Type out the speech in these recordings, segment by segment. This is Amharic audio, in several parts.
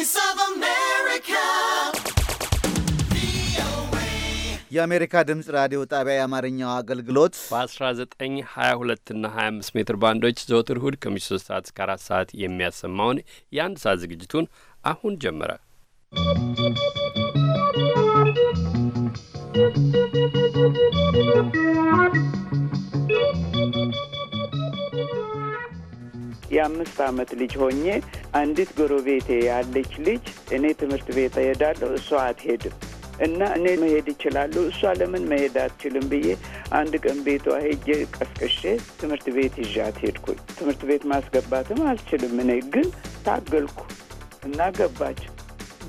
Voice of America. የአሜሪካ ድምፅ ራዲዮ ጣቢያ የአማርኛው አገልግሎት በ1922 እና 25 ሜትር ባንዶች ዘወትር እሁድ ከምሽቱ 3 ሰዓት እስከ 4 ሰዓት የሚያሰማውን የአንድ ሰዓት ዝግጅቱን አሁን ጀመረ። የአምስት ዓመት ልጅ ሆኜ አንዲት ጎረቤቴ ያለች ልጅ እኔ ትምህርት ቤት እሄዳለሁ፣ እሷ አትሄድም እና እኔ መሄድ እችላለሁ፣ እሷ ለምን መሄድ አትችልም ብዬ አንድ ቀን ቤቷ ሄጄ ቀስቅሼ ትምህርት ቤት ይዣት ሄድኩኝ። ትምህርት ቤት ማስገባትም አልችልም እኔ ግን ታገልኩ እና ገባች።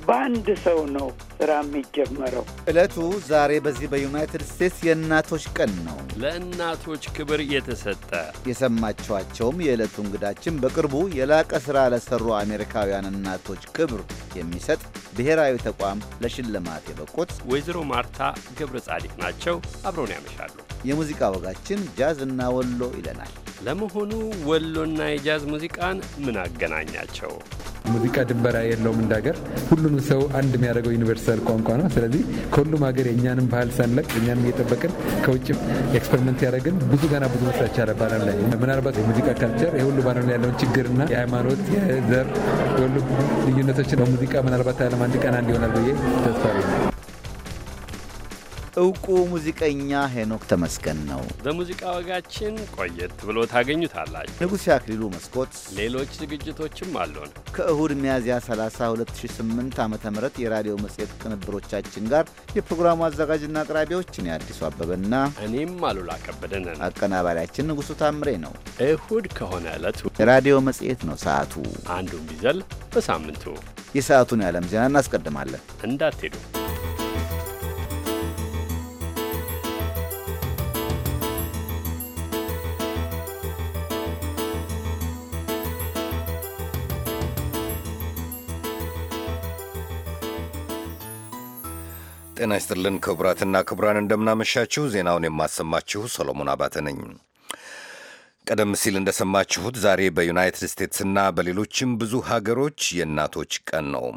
በአንድ ሰው ነው ስራ የሚጀመረው። ዕለቱ ዛሬ በዚህ በዩናይትድ ስቴትስ የእናቶች ቀን ነው፣ ለእናቶች ክብር የተሰጠ የሰማችኋቸውም የዕለቱ እንግዳችን በቅርቡ የላቀ ሥራ ለሰሩ አሜሪካውያን እናቶች ክብር የሚሰጥ ብሔራዊ ተቋም ለሽልማት የበቁት ወይዘሮ ማርታ ገብረ ጻዲቅ ናቸው። አብረውን ያመሻሉ። የሙዚቃ ወጋችን ጃዝ እና ወሎ ይለናል። ለመሆኑ ወሎና የጃዝ ሙዚቃን ምን አገናኛቸው? ሙዚቃ ድንበራ የለውም። እንደ ሀገር ሁሉንም ሰው አንድ የሚያደርገው ዩኒቨርሳል ቋንቋ ነው። ስለዚህ ከሁሉም ሀገር የእኛንም ባህል ሳንለቅ እኛንም እየጠበቅን ከውጭ ኤክስፐሪመንት ያደረግን ብዙ ገና ብዙ መስራት ይቻላል። ባለም ላይ ምናልባት የሙዚቃ ካልቸር የሁሉ ባለም ላይ ያለውን ችግርና የሃይማኖት፣ የዘር የሁሉ ልዩነቶችን በሙዚቃ ምናልባት ዓለም አንድ ቀና እንዲሆናል ብዬ ተስፋ ነው። እውቁ ሙዚቀኛ ሄኖክ ተመስገን ነው። በሙዚቃ ወጋችን ቆየት ብሎ ታገኙታላችሁ። ንጉሥ አክሊሉ መስኮት፣ ሌሎች ዝግጅቶችም አሉን። ከእሁድ ሚያዝያ 30 2008 ዓ ም የራዲዮ መጽሔት ቅንብሮቻችን ጋር የፕሮግራሙ አዘጋጅና አቅራቢዎችን የአዲሱ አበበና እኔም አሉላ ከበደነን፣ አቀናባሪያችን ንጉሱ ታምሬ ነው። እሁድ ከሆነ ዕለቱ የራዲዮ መጽሔት ነው ሰዓቱ። አንዱን ቢዘል በሳምንቱ የሰዓቱን የዓለም ዜና እናስቀድማለን። እንዳትሄዱ ጤና ይስጥልን ክቡራትና ክቡራን፣ እንደምናመሻችሁ። ዜናውን የማሰማችሁ ሰሎሞን አባተ ነኝ። ቀደም ሲል እንደሰማችሁት ዛሬ በዩናይትድ ስቴትስና በሌሎችም ብዙ ሀገሮች የእናቶች ቀን ነው።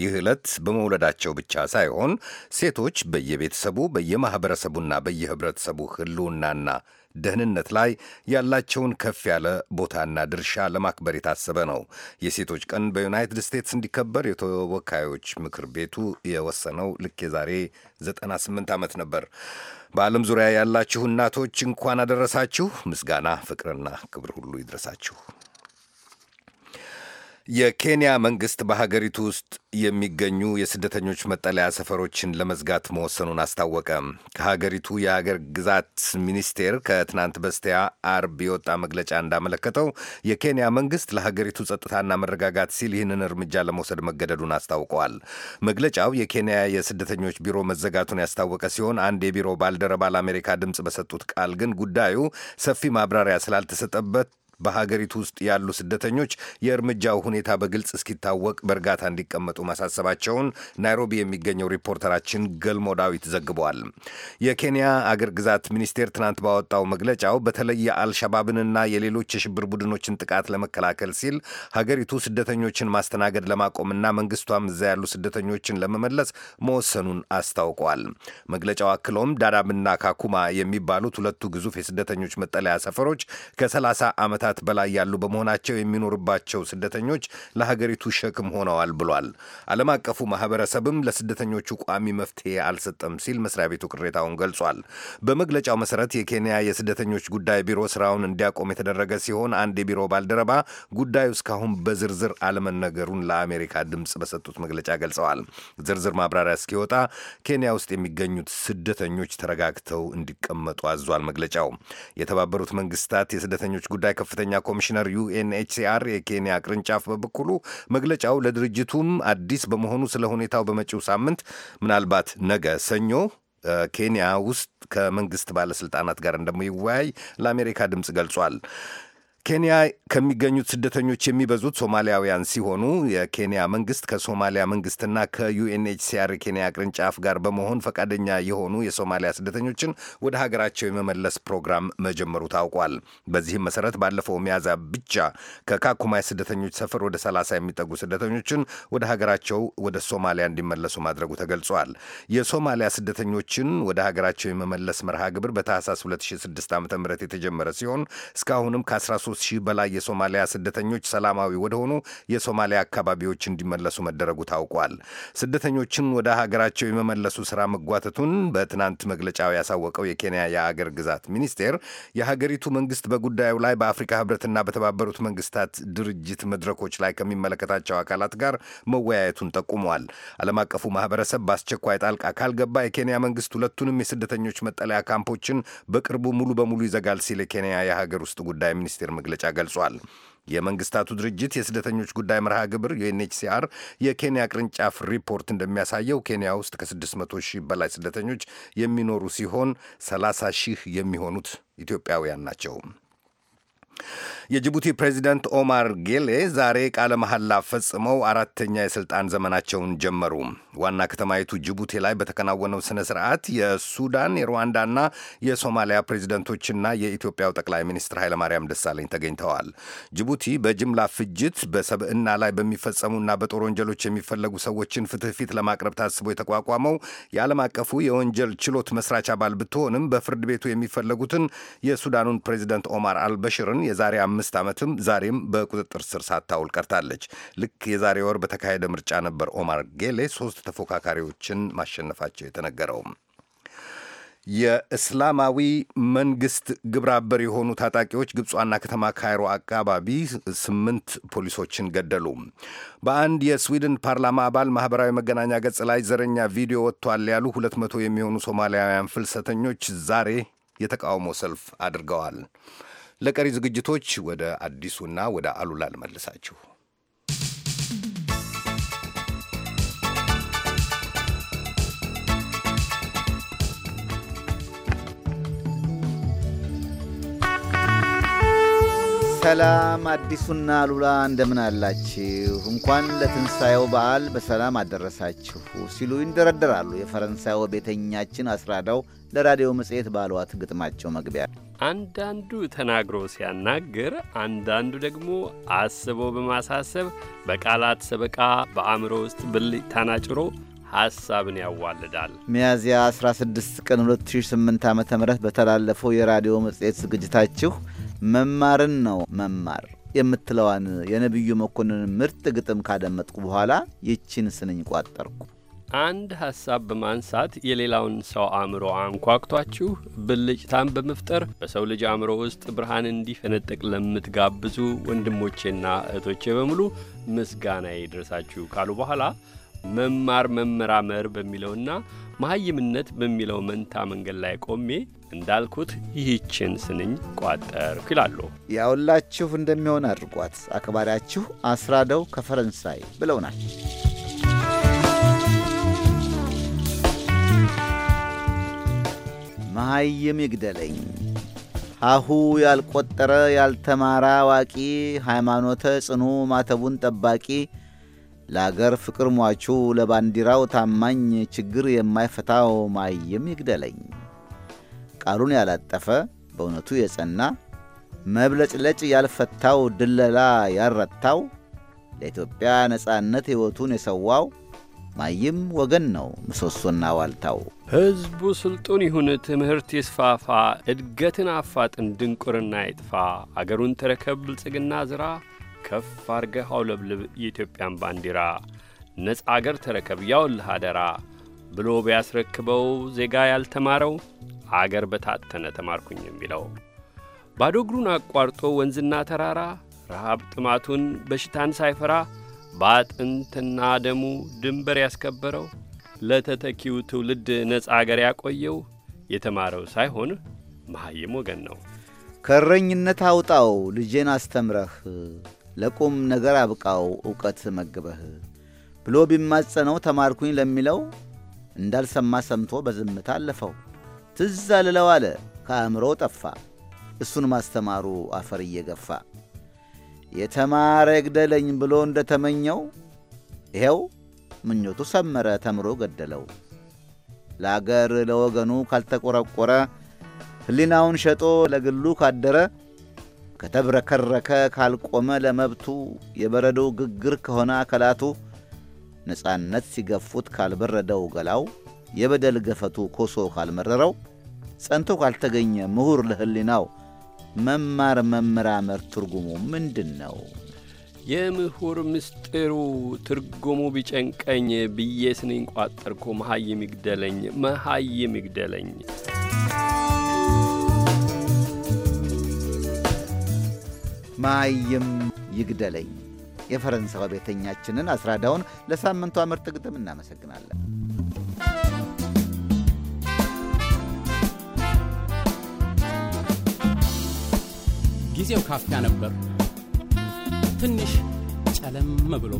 ይህ ዕለት በመውለዳቸው ብቻ ሳይሆን ሴቶች በየቤተሰቡ በየማኅበረሰቡና በየኅብረተሰቡ ሕልውናና ደህንነት ላይ ያላቸውን ከፍ ያለ ቦታና ድርሻ ለማክበር የታሰበ ነው። የሴቶች ቀን በዩናይትድ ስቴትስ እንዲከበር የተወካዮች ምክር ቤቱ የወሰነው ልክ የዛሬ 98 ዓመት ነበር። በዓለም ዙሪያ ያላችሁ እናቶች እንኳን አደረሳችሁ። ምስጋና፣ ፍቅርና ክብር ሁሉ ይድረሳችሁ። የኬንያ መንግስት በሀገሪቱ ውስጥ የሚገኙ የስደተኞች መጠለያ ሰፈሮችን ለመዝጋት መወሰኑን አስታወቀ። ከሀገሪቱ የሀገር ግዛት ሚኒስቴር ከትናንት በስቲያ አርብ የወጣ መግለጫ እንዳመለከተው የኬንያ መንግስት ለሀገሪቱ ጸጥታና መረጋጋት ሲል ይህንን እርምጃ ለመውሰድ መገደዱን አስታውቀዋል። መግለጫው የኬንያ የስደተኞች ቢሮ መዘጋቱን ያስታወቀ ሲሆን አንድ የቢሮ ባልደረባ ለአሜሪካ ድምፅ በሰጡት ቃል ግን ጉዳዩ ሰፊ ማብራሪያ ስላልተሰጠበት በሀገሪቱ ውስጥ ያሉ ስደተኞች የእርምጃው ሁኔታ በግልጽ እስኪታወቅ በእርጋታ እንዲቀመጡ ማሳሰባቸውን ናይሮቢ የሚገኘው ሪፖርተራችን ገልሞ ዳዊት ዘግቧል። የኬንያ አገር ግዛት ሚኒስቴር ትናንት ባወጣው መግለጫው በተለይ የአልሸባብንና የሌሎች የሽብር ቡድኖችን ጥቃት ለመከላከል ሲል ሀገሪቱ ስደተኞችን ማስተናገድ ለማቆምና መንግስቷም እዛ ያሉ ስደተኞችን ለመመለስ መወሰኑን አስታውቋል። መግለጫው አክሎም ዳዳብና ካኩማ የሚባሉት ሁለቱ ግዙፍ የስደተኞች መጠለያ ሰፈሮች ከ30 ዓመታት ከ በላይ ያሉ በመሆናቸው የሚኖርባቸው ስደተኞች ለሀገሪቱ ሸክም ሆነዋል ብሏል። ዓለም አቀፉ ማህበረሰብም ለስደተኞቹ ቋሚ መፍትሄ አልሰጠም ሲል መስሪያ ቤቱ ቅሬታውን ገልጿል። በመግለጫው መሰረት የኬንያ የስደተኞች ጉዳይ ቢሮ ስራውን እንዲያቆም የተደረገ ሲሆን አንድ የቢሮ ባልደረባ ጉዳዩ እስካሁን በዝርዝር አለመነገሩን ለአሜሪካ ድምፅ በሰጡት መግለጫ ገልጸዋል። ዝርዝር ማብራሪያ እስኪወጣ ኬንያ ውስጥ የሚገኙት ስደተኞች ተረጋግተው እንዲቀመጡ አዟል መግለጫው። የተባበሩት መንግስታት የስደተኞች ጉዳይ ከፍተኛ ኮሚሽነር ዩኤንኤችሲአር የኬንያ ቅርንጫፍ በበኩሉ መግለጫው ለድርጅቱም አዲስ በመሆኑ ስለ ሁኔታው በመጪው ሳምንት ምናልባት ነገ ሰኞ ኬንያ ውስጥ ከመንግስት ባለስልጣናት ጋር እንደሚወያይ ለአሜሪካ ድምፅ ገልጿል። ኬንያ ከሚገኙት ስደተኞች የሚበዙት ሶማሊያውያን ሲሆኑ የኬንያ መንግስት ከሶማሊያ መንግስትና ከዩኤንኤችሲአር ኬንያ ቅርንጫፍ ጋር በመሆን ፈቃደኛ የሆኑ የሶማሊያ ስደተኞችን ወደ ሀገራቸው የመመለስ ፕሮግራም መጀመሩ ታውቋል። በዚህም መሰረት ባለፈው ሚያዝያ ብቻ ከካኩማ ስደተኞች ሰፈር ወደ 30 የሚጠጉ ስደተኞችን ወደ ሀገራቸው ወደ ሶማሊያ እንዲመለሱ ማድረጉ ተገልጿል። የሶማሊያ ስደተኞችን ወደ ሀገራቸው የመመለስ መርሃ ግብር በታህሳስ 2006 ዓ ም የተጀመረ ሲሆን እስካሁንም ከ13 ከሶስት ሺህ በላይ የሶማሊያ ስደተኞች ሰላማዊ ወደሆኑ የሶማሊያ አካባቢዎች እንዲመለሱ መደረጉ ታውቋል። ስደተኞችን ወደ ሀገራቸው የመመለሱ ስራ መጓተቱን በትናንት መግለጫው ያሳወቀው የኬንያ የአገር ግዛት ሚኒስቴር የሀገሪቱ መንግስት በጉዳዩ ላይ በአፍሪካ ህብረትና በተባበሩት መንግስታት ድርጅት መድረኮች ላይ ከሚመለከታቸው አካላት ጋር መወያየቱን ጠቁመዋል። ዓለም አቀፉ ማህበረሰብ በአስቸኳይ ጣልቃ ካልገባ የኬንያ መንግስት ሁለቱንም የስደተኞች መጠለያ ካምፖችን በቅርቡ ሙሉ በሙሉ ይዘጋል ሲል የኬንያ የሀገር ውስጥ ጉዳይ ሚኒስቴር መግለጫ ገልጿል። የመንግስታቱ ድርጅት የስደተኞች ጉዳይ መርሃ ግብር ዩኤንኤችሲአር የኬንያ ቅርንጫፍ ሪፖርት እንደሚያሳየው ኬንያ ውስጥ ከ600 ሺህ በላይ ስደተኞች የሚኖሩ ሲሆን 30 ሺህ የሚሆኑት ኢትዮጵያውያን ናቸው። የጅቡቲ ፕሬዚደንት ኦማር ጌሌ ዛሬ ቃለ መሐላ ፈጽመው አራተኛ የሥልጣን ዘመናቸውን ጀመሩ። ዋና ከተማይቱ ጅቡቲ ላይ በተከናወነው ሥነ ሥርዓት የሱዳን የሩዋንዳና የሶማሊያ ፕሬዚደንቶችና የኢትዮጵያው ጠቅላይ ሚኒስትር ኃይለማርያም ደሳለኝ ተገኝተዋል። ጅቡቲ በጅምላ ፍጅት፣ በሰብዕና ላይ በሚፈጸሙና በጦር ወንጀሎች የሚፈለጉ ሰዎችን ፍትሕ ፊት ለማቅረብ ታስቦ የተቋቋመው የዓለም አቀፉ የወንጀል ችሎት መስራች አባል ብትሆንም በፍርድ ቤቱ የሚፈለጉትን የሱዳኑን ፕሬዚደንት ኦማር አልበሽርን የዛሬ አምስት ዓመትም ዛሬም በቁጥጥር ስር ሳታውል ቀርታለች። ልክ የዛሬ ወር በተካሄደ ምርጫ ነበር ኦማር ጌሌ ሶስት ተፎካካሪዎችን ማሸነፋቸው የተነገረው። የእስላማዊ መንግስት ግብረአበር የሆኑ ታጣቂዎች ግብፅ ዋና ከተማ ካይሮ አካባቢ ስምንት ፖሊሶችን ገደሉ። በአንድ የስዊድን ፓርላማ አባል ማህበራዊ መገናኛ ገጽ ላይ ዘረኛ ቪዲዮ ወጥቷል ያሉ ሁለት መቶ የሚሆኑ ሶማሊያውያን ፍልሰተኞች ዛሬ የተቃውሞ ሰልፍ አድርገዋል። ለቀሪ ዝግጅቶች ወደ አዲሱና ወደ አሉላ ልመልሳችሁ። ሰላም አዲሱና አሉላ እንደምን አላችሁ? እንኳን ለትንሣኤው በዓል በሰላም አደረሳችሁ ሲሉ ይንደረደራሉ የፈረንሳይ ቤተኛችን አስራዳው ለራዲዮ መጽሔት ባሏት ግጥማቸው መግቢያ አንዳንዱ ተናግሮ ሲያናግር፣ አንዳንዱ ደግሞ አስቦ በማሳሰብ በቃላት ሰበቃ በአእምሮ ውስጥ ብልጭታን አጭሮ ሐሳብን ያዋልዳል። ሚያዝያ 16 ቀን 2008 ዓ ም በተላለፈው የራዲዮ መጽሔት ዝግጅታችሁ መማርን ነው መማር የምትለዋን የነቢዩ መኮንን ምርጥ ግጥም ካደመጥኩ በኋላ ይቺን ስንኝ ቋጠርኩ። አንድ ሀሳብ በማንሳት የሌላውን ሰው አእምሮ አንኳኩቷችሁ ብልጭታን በመፍጠር በሰው ልጅ አእምሮ ውስጥ ብርሃን እንዲፈነጥቅ ለምትጋብዙ ወንድሞቼና እህቶቼ በሙሉ ምስጋና ይድረሳችሁ ካሉ በኋላ መማር መመራመር በሚለውና መሀይምነት በሚለው መንታ መንገድ ላይ ቆሜ እንዳልኩት ይህችን ስንኝ ቋጠርኩ ይላሉ። ያውላችሁ እንደሚሆን አድርጓት። አክባሪያችሁ አስራደው ከፈረንሳይ ብለውናል። መሐይም ይግደለኝ። አሁ ያልቆጠረ ያልተማረ አዋቂ ሃይማኖተ ጽኑ ማተቡን ጠባቂ ለአገር ፍቅር ሟቹ ለባንዲራው ታማኝ ችግር የማይፈታው መሐይም ይግደለኝ። ቃሉን ያላጠፈ በእውነቱ የጸና መብለጭለጭ ያልፈታው ድለላ ያረታው ለኢትዮጵያ ነጻነት ሕይወቱን የሰዋው ማይም ወገን ነው ምሰሶና ዋልታው። ሕዝቡ ስልጡን ይሁን፣ ትምህርት ይስፋፋ፣ እድገትን አፋጥን፣ ድንቁርና ይጥፋ፣ አገሩን ተረከብ፣ ብልጽግና ዝራ፣ ከፍ አርገህ አውለብልብ የኢትዮጵያን ባንዲራ፣ ነጻ አገር ተረከብ ያውልህ አደራ ብሎ ቢያስረክበው ዜጋ ያልተማረው አገር በታተነ ተማርኩኝ የሚለው ባዶ እግሩን አቋርጦ ወንዝና ተራራ ረሃብ ጥማቱን በሽታን ሳይፈራ በአጥንትና ደሙ ድንበር ያስከበረው ለተተኪው ትውልድ ነጻ አገር ያቆየው የተማረው ሳይሆን መሐይም ወገን ነው። ከረኝነት አውጣው ልጄን አስተምረህ ለቁም ነገር አብቃው ዕውቀት መግበህ ብሎ ቢማጸነው ተማርኩኝ ለሚለው እንዳልሰማ ሰምቶ በዝምታ አለፈው። ትዝ አልለው አለ ከአእምሮ ጠፋ እሱን ማስተማሩ አፈር እየገፋ የተማረ ግደለኝ ብሎ እንደተመኘው ይኸው ምኞቱ ሰመረ፣ ተምሮ ገደለው። ለአገር ለወገኑ ካልተቆረቆረ፣ ሕሊናውን ሸጦ ለግሉ ካደረ፣ ከተብረከረከ ካልቆመ፣ ለመብቱ የበረዶ ግግር ከሆነ አካላቱ፣ ነጻነት ሲገፉት ካልበረደው ገላው፣ የበደል ገፈቱ ኮሶ ካልመረረው፣ ጸንቶ ካልተገኘ ምሁር ለሕሊናው መማር መመራመር ትርጉሙ ምንድን ነው? የምሁር ምስጢሩ ትርጉሙ ቢጨንቀኝ ብዬ ስኔን ቋጠርኩ መሀይም ይግደለኝ መሀይ ይግደለኝ። ማይም ይግደለኝ የፈረንሳዊ ቤተኛችንን አስራዳውን ለሳምንቷ ምርጥ ግጥም እናመሰግናለን። ጊዜው ካፊያ ነበር። ትንሽ ጨለም ብሎ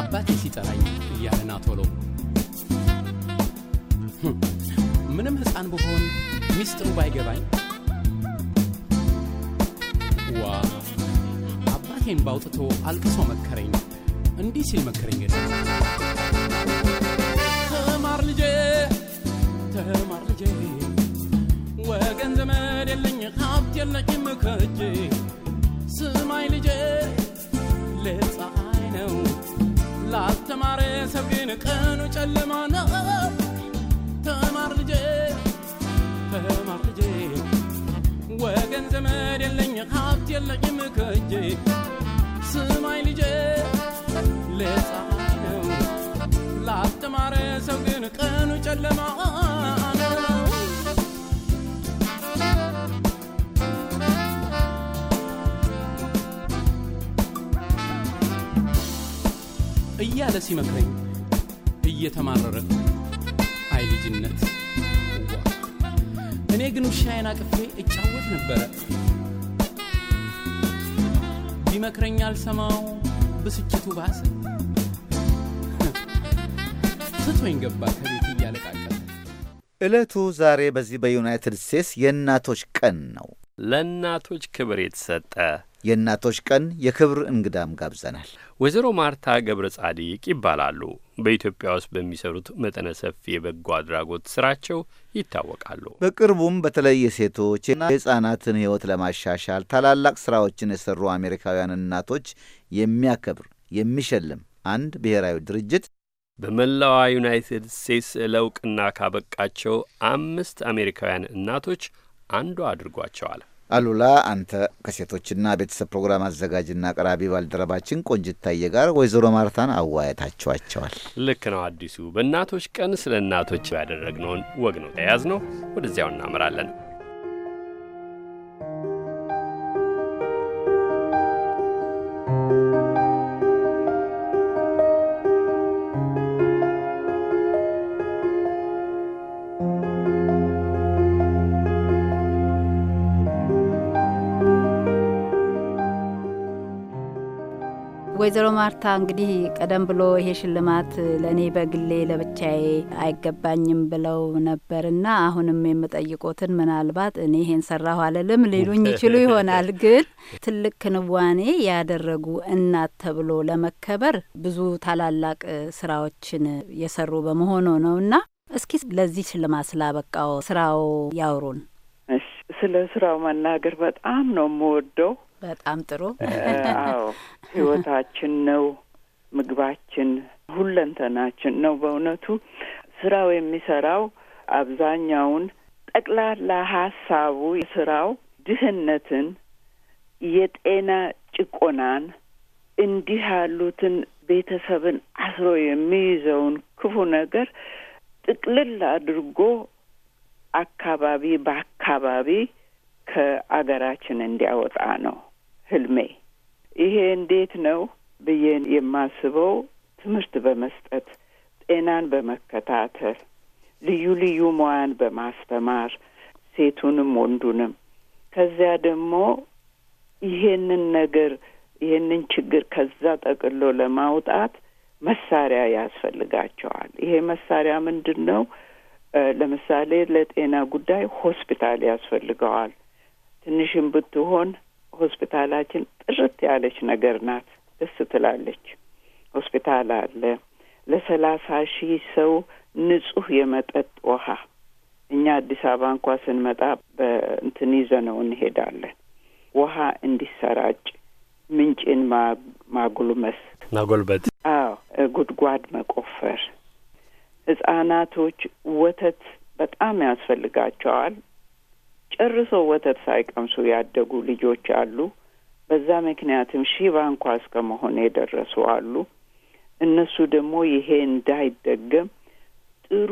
አባቴ ሲጠራኝ እያለና ቶሎ ምንም ሕፃን ብሆን ሚስጥሩ ባይገባኝ ዋ አባቴን ባውጥቶ አልቅሶ መከረኝ። እንዲህ ሲል መከረኝ ገ ተማር ልጄ ተማር ልጄ ወገን ዘመድ የለኝ ሀብት የለኝም ከእጄ ስማይ ልጄ ለፀሐይ ነው ላልተማረ ሰው ግን ቀኑ ጨለማ ነው ተማር ልጄ ተማር ልጄ ወገን ዘመድ የለኝ ሀብት የለኝም ከእጄ ስማይ ልጄ ለፀሐይ ነው ላልተማረ ሰው ግን ቀኑ ጨለማ እያለ ሲመክረኝ እየተማረረ አይ ልጅነት እኔ ግን ውሻዬን አቅፌ እጫወት ነበረ ቢመክረኝ አልሰማው ብስጭቱ ባሰ ስቶኝ ገባ ከቤት እያለቃቀ ዕለቱ ዛሬ በዚህ በዩናይትድ ስቴትስ የእናቶች ቀን ነው ለእናቶች ክብር የተሰጠ የእናቶች ቀን የክብር እንግዳም ጋብዘናል። ወይዘሮ ማርታ ገብረ ጻዲቅ ይባላሉ። በኢትዮጵያ ውስጥ በሚሰሩት መጠነ ሰፊ የበጎ አድራጎት ስራቸው ይታወቃሉ። በቅርቡም በተለይ የሴቶችና የህፃናትን ህይወት ለማሻሻል ታላላቅ ስራዎችን የሰሩ አሜሪካውያን እናቶች የሚያከብር የሚሸልም አንድ ብሔራዊ ድርጅት በመላዋ ዩናይትድ ስቴትስ ለእውቅና ካበቃቸው አምስት አሜሪካውያን እናቶች አንዷ አድርጓቸዋል። አሉላ አንተ ከሴቶችና ቤተሰብ ፕሮግራም አዘጋጅና አቅራቢ ባልደረባችን ቆንጅታየ ጋር ወይዘሮ ማርታን አዋየታቸዋቸዋል። ልክ ነው አዲሱ። በእናቶች ቀን ስለ እናቶች ያደረግነውን ወግ ነው ተያዝ ነው። ወደዚያው እናምራለን። ወይዘሮ ማርታ እንግዲህ ቀደም ብሎ ይሄ ሽልማት ለእኔ በግሌ ለብቻዬ አይገባኝም ብለው ነበርና አሁንም የምጠይቆትን ምናልባት እኔ ይሄን ሰራሁ አልልም ሊሉኝ ይችሉ ይሆናል። ግን ትልቅ ክንዋኔ ያደረጉ እናት ተብሎ ለመከበር ብዙ ታላላቅ ስራዎችን የሰሩ በመሆኑ ነውና እስኪ ለዚህ ሽልማት ስላበቃው ስራው ያውሩን። ስለ ስራው መናገር በጣም ነው የምወደው በጣም ጥሩ። አዎ ህይወታችን ነው፣ ምግባችን፣ ሁለንተናችን ነው። በእውነቱ ስራው የሚሰራው አብዛኛውን ጠቅላላ ሀሳቡ ስራው ድህነትን፣ የጤና ጭቆናን፣ እንዲህ ያሉትን ቤተሰብን አስሮ የሚይዘውን ክፉ ነገር ጥቅልል አድርጎ አካባቢ በአካባቢ ከአገራችን እንዲያወጣ ነው። ህልሜ ይሄ እንዴት ነው ብዬ የማስበው ትምህርት በመስጠት ጤናን በመከታተል ልዩ ልዩ ሙያን በማስተማር ሴቱንም ወንዱንም ከዚያ ደግሞ ይሄንን ነገር ይሄንን ችግር ከዛ ጠቅሎ ለማውጣት መሳሪያ ያስፈልጋቸዋል። ይሄ መሳሪያ ምንድን ነው? ለምሳሌ ለጤና ጉዳይ ሆስፒታል ያስፈልገዋል። ትንሽም ብትሆን ሆስፒታላችን ጥርት ያለች ነገር ናት። ደስ ትላለች። ሆስፒታል አለ። ለሰላሳ ሺህ ሰው ንጹህ የመጠጥ ውሃ እኛ አዲስ አበባ እንኳ ስንመጣ በእንትን ይዘነው እንሄዳለን። ውሃ እንዲሰራጭ ምንጭን ማጉልመስ ማጎልበት፣ አዎ ጉድጓድ መቆፈር። ህጻናቶች ወተት በጣም ያስፈልጋቸዋል። ጨርሶ ወተት ሳይቀምሱ ያደጉ ልጆች አሉ። በዛ ምክንያትም ሺባ እንኳ እስከ መሆን የደረሱ አሉ። እነሱ ደግሞ ይሄ እንዳይደገም ጥሩ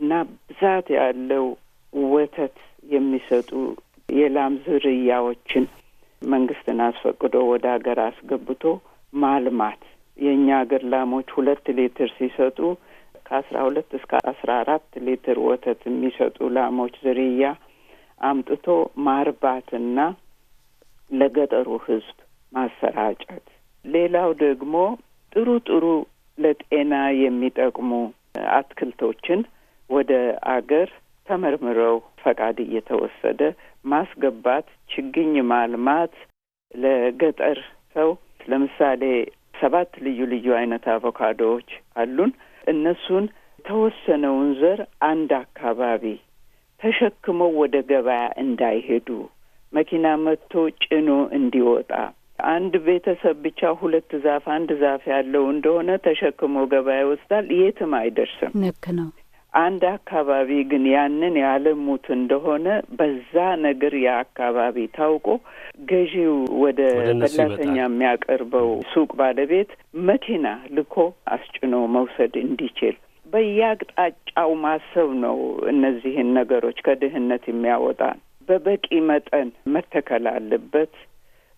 እና ብዛት ያለው ወተት የሚሰጡ የላም ዝርያዎችን መንግስትን አስፈቅዶ ወደ ሀገር አስገብቶ ማልማት የእኛ ሀገር ላሞች ሁለት ሊትር ሲሰጡ ከአስራ ሁለት እስከ አስራ አራት ሊትር ወተት የሚሰጡ ላሞች ዝርያ አምጥቶ ማርባትና ለገጠሩ ህዝብ ማሰራጨት። ሌላው ደግሞ ጥሩ ጥሩ ለጤና የሚጠቅሙ አትክልቶችን ወደ አገር ተመርምረው ፈቃድ እየተወሰደ ማስገባት፣ ችግኝ ማልማት ለገጠር ሰው ለምሳሌ ሰባት ልዩ ልዩ አይነት አቮካዶዎች አሉን። እነሱን የተወሰነውን ዘር አንድ አካባቢ ተሸክመው ወደ ገበያ እንዳይሄዱ መኪና መጥቶ ጭኖ እንዲወጣ አንድ ቤተሰብ ብቻ ሁለት ዛፍ አንድ ዛፍ ያለው እንደሆነ ተሸክሞ ገበያ ይወስዳል፣ የትም አይደርስም። ልክ ነው። አንድ አካባቢ ግን ያንን ያለሙት እንደሆነ በዛ ነገር የአካባቢ ታውቆ ገዢው ወደ በላተኛ የሚያቀርበው ሱቅ ባለቤት መኪና ልኮ አስጭኖ መውሰድ እንዲችል በየአቅጣጫው ማሰብ ነው እነዚህን ነገሮች ከድህነት የሚያወጣን። በበቂ መጠን መተከል አለበት።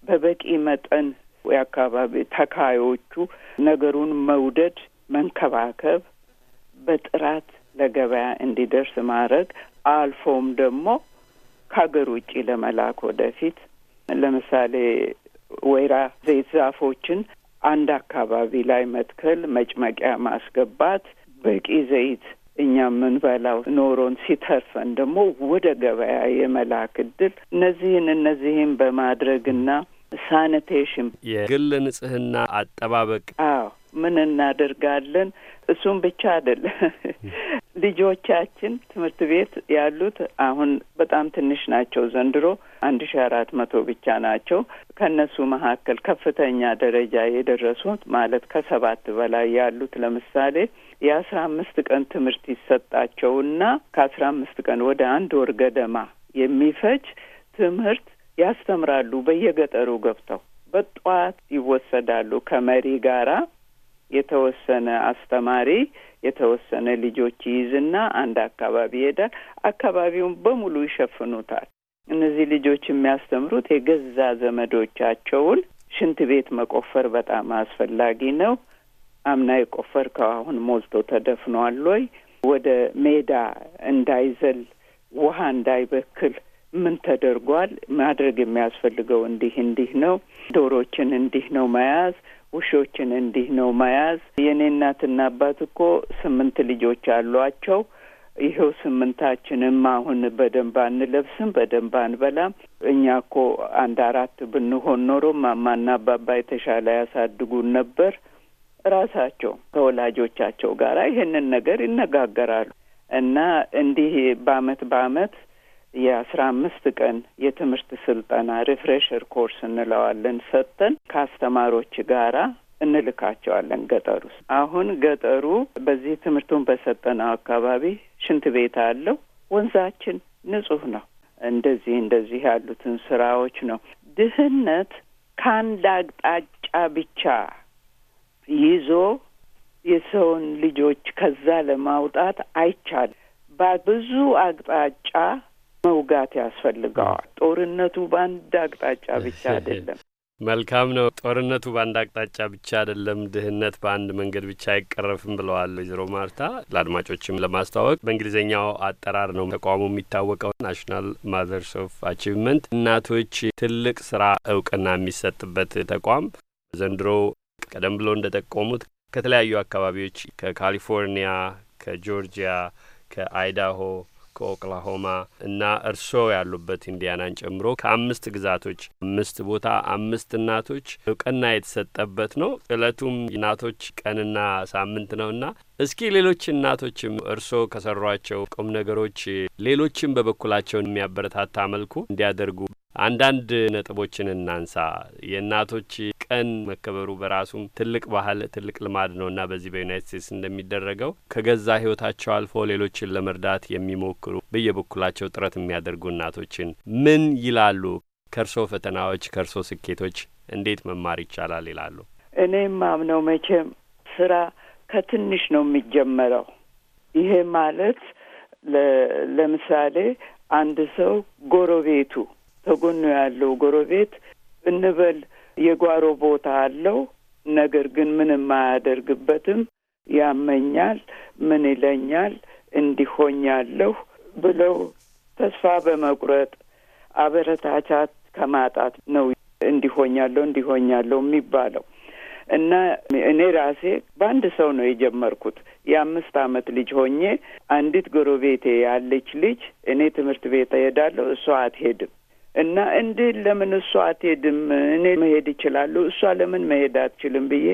በበቂ መጠን የአካባቢ ተካዮቹ ነገሩን መውደድ፣ መንከባከብ፣ በጥራት ለገበያ እንዲደርስ ማድረግ አልፎም ደግሞ ከሀገር ውጪ ለመላክ ወደፊት ለምሳሌ ወይራ ዘይት ዛፎችን አንድ አካባቢ ላይ መትከል፣ መጭመቂያ ማስገባት በቂ ዘይት እኛ የምንበላው ኖሮን ሲተርፈን ደግሞ ወደ ገበያ የመላክ እድል እነዚህን እነዚህን በማድረግና ሳኒቴሽን የግል ንጽህና አጠባበቅ አዎ ምን እናደርጋለን? እሱም ብቻ አይደለም። ልጆቻችን ትምህርት ቤት ያሉት አሁን በጣም ትንሽ ናቸው። ዘንድሮ አንድ ሺ አራት መቶ ብቻ ናቸው። ከእነሱ መካከል ከፍተኛ ደረጃ የደረሱት ማለት ከሰባት በላይ ያሉት ለምሳሌ የአስራ አምስት ቀን ትምህርት ይሰጣቸውና ከአስራ አምስት ቀን ወደ አንድ ወር ገደማ የሚፈጅ ትምህርት ያስተምራሉ። በየገጠሩ ገብተው በጠዋት ይወሰዳሉ ከመሪ ጋራ የተወሰነ አስተማሪ የተወሰነ ልጆች ይይዝና አንድ አካባቢ ይሄዳል። አካባቢውን በሙሉ ይሸፍኑታል። እነዚህ ልጆች የሚያስተምሩት የገዛ ዘመዶቻቸውን ሽንት ቤት መቆፈር በጣም አስፈላጊ ነው። አምና የቆፈርከው አሁን ሞልቶ ተደፍኗል ወይ? ወደ ሜዳ እንዳይዘል ውሃ እንዳይበክል ምን ተደርጓል? ማድረግ የሚያስፈልገው እንዲህ እንዲህ ነው። ዶሮችን እንዲህ ነው መያዝ፣ ውሾችን እንዲህ ነው መያዝ። የእኔ እናትና አባት እኮ ስምንት ልጆች አሏቸው። ይኸው ስምንታችንም አሁን በደንብ አንለብስም፣ በደንብ አንበላም። እኛ እኮ አንድ አራት ብንሆን ኖሮ ማማና አባባ የተሻለ ያሳድጉን ነበር። ራሳቸው ከወላጆቻቸው ጋር ይህንን ነገር ይነጋገራሉ እና እንዲህ በአመት በአመት የአስራ አምስት ቀን የትምህርት ስልጠና ሪፍሬሽር ኮርስ እንለዋለን ሰጥተን ከአስተማሪዎች ጋራ እንልካቸዋለን ገጠር ውስጥ። አሁን ገጠሩ በዚህ ትምህርቱን በሰጠነው አካባቢ ሽንት ቤት አለው፣ ወንዛችን ንጹህ ነው። እንደዚህ እንደዚህ ያሉትን ስራዎች ነው። ድህነት ከአንድ አቅጣጫ ብቻ ይዞ የሰውን ልጆች ከዛ ለማውጣት አይቻልም። በብዙ አቅጣጫ መውጋት ያስፈልገዋል። ጦርነቱ በአንድ አቅጣጫ ብቻ አይደለም። መልካም ነው። ጦርነቱ በአንድ አቅጣጫ ብቻ አይደለም፣ ድህነት በአንድ መንገድ ብቻ አይቀረፍም ብለዋል ወይዘሮ ማርታ። ለአድማጮችም ለማስተዋወቅ በእንግሊዝኛው አጠራር ነው ተቋሙ የሚታወቀው ናሽናል ማዘርስ ኦፍ አቺቭመንት፣ እናቶች ትልቅ ስራ እውቅና የሚሰጥበት ተቋም ዘንድሮ ቀደም ብሎ እንደ ጠቆሙት ከተለያዩ አካባቢዎች ከካሊፎርኒያ፣ ከጆርጂያ፣ ከአይዳሆ፣ ከኦክላሆማ እና እርሶ ያሉበት ኢንዲያናን ጨምሮ ከአምስት ግዛቶች አምስት ቦታ አምስት እናቶች እውቅና የተሰጠበት ነው። እለቱም እናቶች ቀንና ሳምንት ነውና እስኪ ሌሎች እናቶችም እርስዎ ከሰሯቸው ቁም ነገሮች ሌሎችም በበኩላቸው የሚያበረታታ መልኩ እንዲያደርጉ አንዳንድ ነጥቦችን እናንሳ። የእናቶች ቀን መከበሩ በራሱም ትልቅ ባህል፣ ትልቅ ልማድ ነው እና በዚህ በዩናይት ስቴትስ እንደሚደረገው ከገዛ ህይወታቸው አልፎ ሌሎችን ለመርዳት የሚሞክሩ በየበኩላቸው ጥረት የሚያደርጉ እናቶችን ምን ይላሉ? ከእርሶ ፈተናዎች፣ ከእርሶ ስኬቶች እንዴት መማር ይቻላል ይላሉ? እኔም አምነው መቼም ስራ ከትንሽ ነው የሚጀመረው። ይሄ ማለት ለምሳሌ አንድ ሰው ጎረቤቱ ከጎኑ ያለው ጎረቤት እንበል የጓሮ ቦታ አለው፣ ነገር ግን ምንም አያደርግበትም። ያመኛል፣ ምን ይለኛል፣ እንዲሆኛለሁ ብለው ተስፋ በመቁረጥ አበረታቻት ከማጣት ነው እንዲሆኛለሁ እንዲሆኛለሁ የሚባለው እና እኔ ራሴ በአንድ ሰው ነው የጀመርኩት። የአምስት አመት ልጅ ሆኜ አንዲት ጎረቤቴ ያለች ልጅ እኔ ትምህርት ቤት እሄዳለሁ፣ እሷ አትሄድም እና እንዴ ለምን እሷ አትሄድም? እኔ መሄድ እችላለሁ፣ እሷ ለምን መሄድ አትችልም ብዬ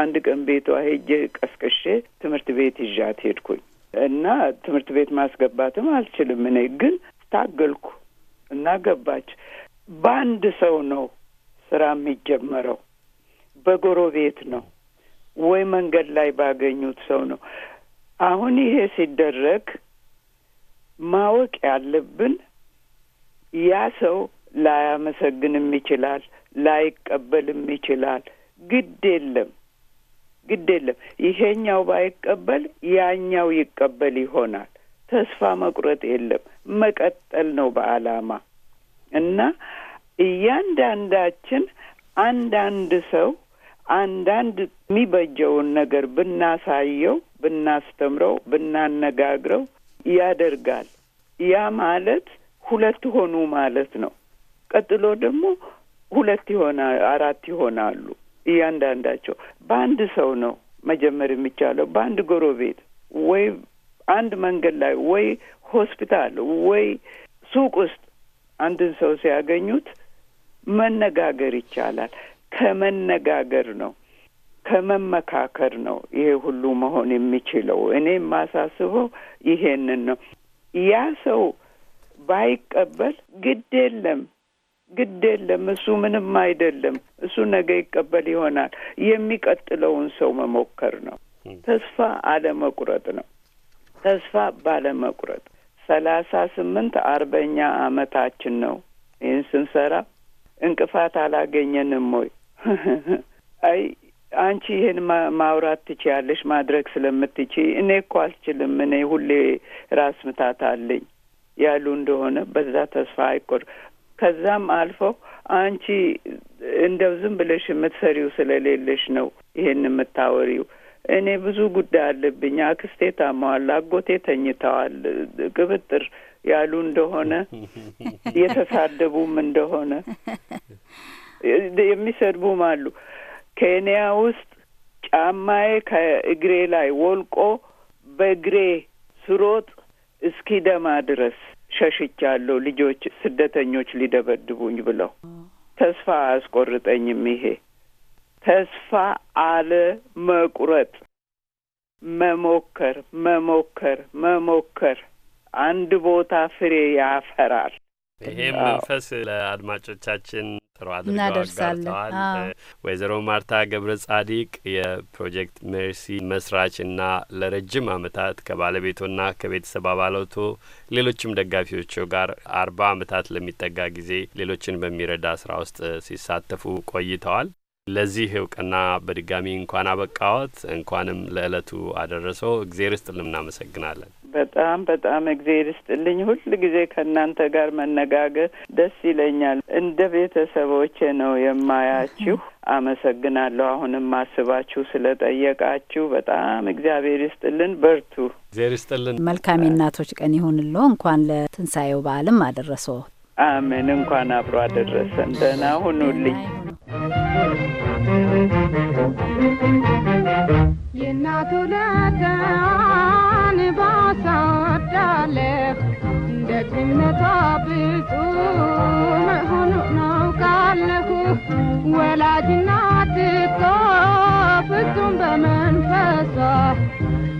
አንድ ቀን ቤቷ ሄጄ ቀስቅሼ ትምህርት ቤት ይዣት ሄድኩኝ። እና ትምህርት ቤት ማስገባትም አልችልም እኔ ግን ታገልኩ እና ገባች። በአንድ ሰው ነው ስራ የሚጀመረው፣ በጎረቤት ነው ወይ መንገድ ላይ ባገኙት ሰው ነው። አሁን ይሄ ሲደረግ ማወቅ ያለብን ያ ሰው ላያመሰግንም ይችላል፣ ላይቀበልም ይችላል። ግድ የለም ግድ የለም። ይሄኛው ባይቀበል ያኛው ይቀበል ይሆናል። ተስፋ መቁረጥ የለም። መቀጠል ነው በዓላማ እና እያንዳንዳችን አንዳንድ ሰው አንዳንድ የሚበጀውን ነገር ብናሳየው፣ ብናስተምረው፣ ብናነጋግረው ያደርጋል። ያ ማለት ሁለት ሆኑ ማለት ነው። ቀጥሎ ደግሞ ሁለት ይሆና አራት ይሆናሉ። እያንዳንዳቸው በአንድ ሰው ነው መጀመር የሚቻለው በአንድ ጎረቤት ወይ አንድ መንገድ ላይ ወይ ሆስፒታል ወይ ሱቅ ውስጥ አንድን ሰው ሲያገኙት መነጋገር ይቻላል። ከመነጋገር ነው ከመመካከር ነው ይሄ ሁሉ መሆን የሚችለው። እኔ የማሳስበው ይሄንን ነው ያ ሰው ባይቀበል ግድ የለም ግድ የለም እሱ ምንም አይደለም። እሱ ነገ ይቀበል ይሆናል። የሚቀጥለውን ሰው መሞከር ነው። ተስፋ አለመቁረጥ ነው። ተስፋ ባለመቁረጥ ሰላሳ ስምንት አርበኛ አመታችን ነው። ይህን ስንሰራ እንቅፋት አላገኘንም ወይ? አይ አንቺ ይህን ማውራት ትችያለሽ ማድረግ ስለምትችይ፣ እኔ እኮ አልችልም። እኔ ሁሌ ራስ ምታት አለኝ ያሉ እንደሆነ በዛ ተስፋ አይቆር ከዛም አልፎ አንቺ እንደው ዝም ብለሽ የምትሰሪው ስለሌለሽ ነው ይሄን የምታወሪው። እኔ ብዙ ጉዳይ አለብኝ፣ አክስቴ ታማዋል፣ አጎቴ ተኝተዋል፣ ቅብጥር ያሉ እንደሆነ የተሳደቡም እንደሆነ የሚሰድቡም አሉ። ኬንያ ውስጥ ጫማዬ ከእግሬ ላይ ወልቆ በእግሬ ስሮጥ እስኪደማ ድረስ ሸሽቻለሁ ልጆች ስደተኞች ሊደበድቡኝ ብለው። ተስፋ አያስቆርጠኝም። ይሄ ተስፋ አለ መቁረጥ፣ መሞከር፣ መሞከር፣ መሞከር አንድ ቦታ ፍሬ ያፈራል። ይሄም መንፈስ ለአድማጮቻችን ጥሩ ወይዘሮ ማርታ ገብረ ጻዲቅ የፕሮጀክት ሜርሲ መስራችና ለረጅም አመታት ከባለቤቶና ከቤተሰብ አባላቶ ሌሎችም ደጋፊዎቹ ጋር አርባ አመታት ለሚጠጋ ጊዜ ሌሎችን በሚረዳ ስራ ውስጥ ሲሳተፉ ቆይተዋል። ለዚህ እውቅና በድጋሚ እንኳን አበቃዎት፣ እንኳንም ለእለቱ አደረሰው። እግዜር ይስጥልን፣ እናመሰግናለን። በጣም በጣም እግዜር ይስጥልኝ። ሁል ጊዜ ከእናንተ ጋር መነጋገር ደስ ይለኛል። እንደ ቤተሰቦቼ ነው የማያችሁ። አመሰግናለሁ። አሁንም አስባችሁ ስለጠየቃችሁ በጣም እግዚአብሔር ይስጥልን። በርቱ። እግዚአብሔር ይስጥልን። መልካም የእናቶች ቀን ይሁንሎ። እንኳን ለትንሣኤው በዓልም አደረሰው። አሜን። እንኳን አብሮ አደረሰን። ደህና ሁኑልኝ። የእናቱ ለዳን ባሳዳለፍ እንደ ቅነቷ ብፁ መሆኑን አውቃለሁ። ወላጅ እናት እኮ ፍጹም በመንፈሷ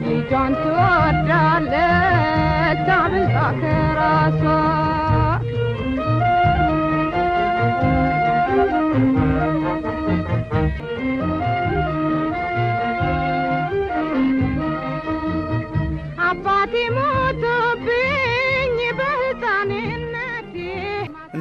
ልጇን ትወዳለች አብልጣ ከራሷ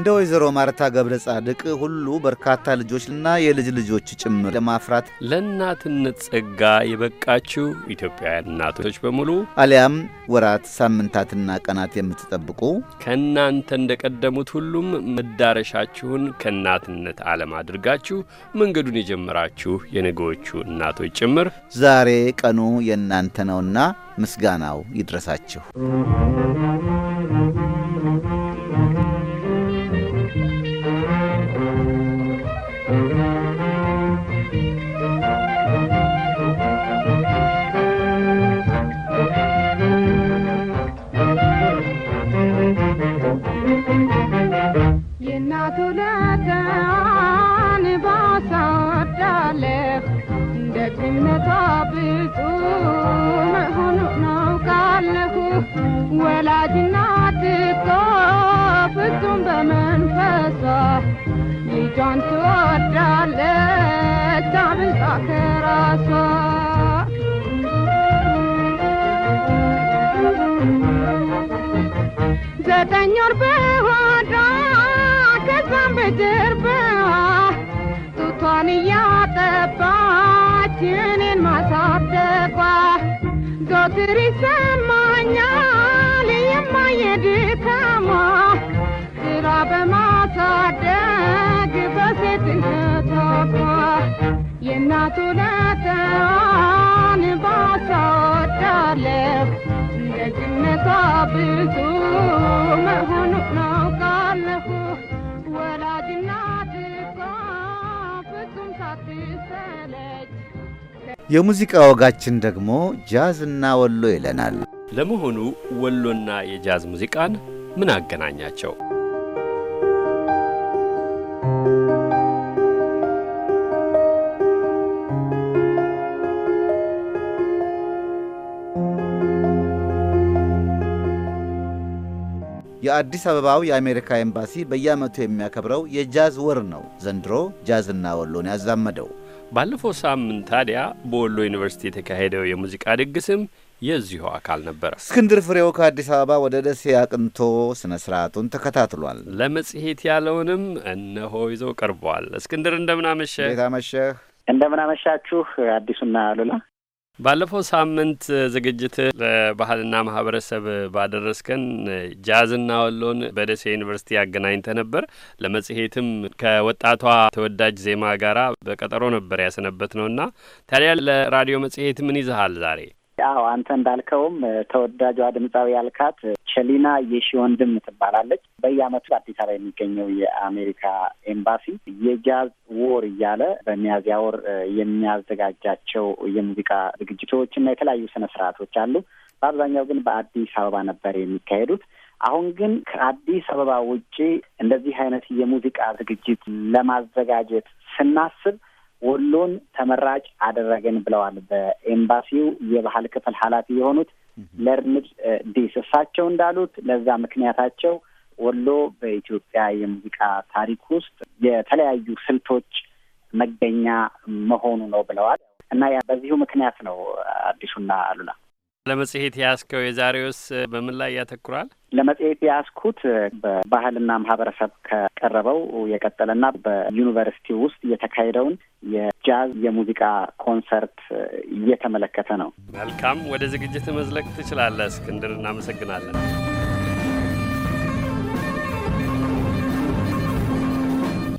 እንደ ወይዘሮ ማርታ ገብረ ጻድቅ ሁሉ በርካታ ልጆችና የልጅ ልጆች ጭምር ለማፍራት ለእናትነት ጸጋ የበቃችው ኢትዮጵያውያን እናቶች በሙሉ አሊያም ወራት ሳምንታትና ቀናት የምትጠብቁ ከእናንተ እንደ ቀደሙት ሁሉም መዳረሻችሁን ከእናትነት ዓለም አድርጋችሁ መንገዱን የጀመራችሁ የነገዎቹ እናቶች ጭምር ዛሬ ቀኑ የእናንተ ነውና ምስጋናው ይድረሳችሁ። ወላጅና ትቶ ፍጹም በመንፈሷ ልጇን ትወዳለች አብልጣ ከራሷ ዘጠኝ ወር በሆዷ ከዛም በጀርባዋ ጡቷን እያጠባች እኔን ማሳደጓ ዘወትር የእናቱ ናተዋን ባሳወዳለሁ እንደጅነቷ ብዙ መሆኑ ናውቃለሁ ወላጅ እናት ፍጹም ሳትሰለች የሙዚቃ ወጋችን ደግሞ ጃዝና ወሎ ይለናል። ለመሆኑ ወሎና የጃዝ ሙዚቃን ምን አገናኛቸው? የአዲስ አበባው የአሜሪካ ኤምባሲ በየዓመቱ የሚያከብረው የጃዝ ወር ነው። ዘንድሮ ጃዝና ወሎን ያዛመደው ባለፈው ሳምንት ታዲያ በወሎ ዩኒቨርሲቲ የተካሄደው የሙዚቃ ድግስም የዚሁ አካል ነበረ። እስክንድር ፍሬው ከአዲስ አበባ ወደ ደሴ አቅንቶ ስነ ስርዓቱን ተከታትሏል። ለመጽሔት ያለውንም እነሆ ይዘው ቀርቧል። እስክንድር እንደምናመሸህ። እንደምናመሻችሁ አዲሱና አሉላ ባለፈው ሳምንት ዝግጅት ለባህልና ማህበረሰብ ባደረስከን ጃዝና ወሎን በደሴ ዩኒቨርሲቲ አገናኝተ ነበር። ለመጽሔትም ከወጣቷ ተወዳጅ ዜማ ጋራ በቀጠሮ ነበር ያሰነበት ነውና ታዲያ ለራዲዮ መጽሔት ምን ይዘሃል ዛሬ? አዎ አንተ እንዳልከውም ተወዳጇ ድምፃዊ ያልካት ቸሊና የሺወንድም ትባላለች። በየአመቱ አዲስ አበባ የሚገኘው የአሜሪካ ኤምባሲ የጃዝ ወር እያለ በሚያዝያ ወር የሚያዘጋጃቸው የሙዚቃ ዝግጅቶች እና የተለያዩ ስነ ስርዓቶች አሉ። በአብዛኛው ግን በአዲስ አበባ ነበር የሚካሄዱት። አሁን ግን ከአዲስ አበባ ውጪ እንደዚህ አይነት የሙዚቃ ዝግጅት ለማዘጋጀት ስናስብ ወሎን ተመራጭ አደረገን ብለዋል። በኤምባሲው የባህል ክፍል ኃላፊ የሆኑት ለርንድ ዲስ እሳቸው እንዳሉት ለዛ ምክንያታቸው ወሎ በኢትዮጵያ የሙዚቃ ታሪክ ውስጥ የተለያዩ ስልቶች መገኛ መሆኑ ነው ብለዋል። እና በዚሁ ምክንያት ነው አዲሱና አሉላ ለመጽሔት ያስከው የዛሬውስ በምን ላይ ያተኩራል? ለመጽሔት የያዝኩት በባህልና ማህበረሰብ ከቀረበው የቀጠለና በዩኒቨርሲቲ ውስጥ የተካሄደውን የጃዝ የሙዚቃ ኮንሰርት እየተመለከተ ነው። መልካም፣ ወደ ዝግጅት መዝለቅ ትችላለህ እስክንድር። እናመሰግናለን።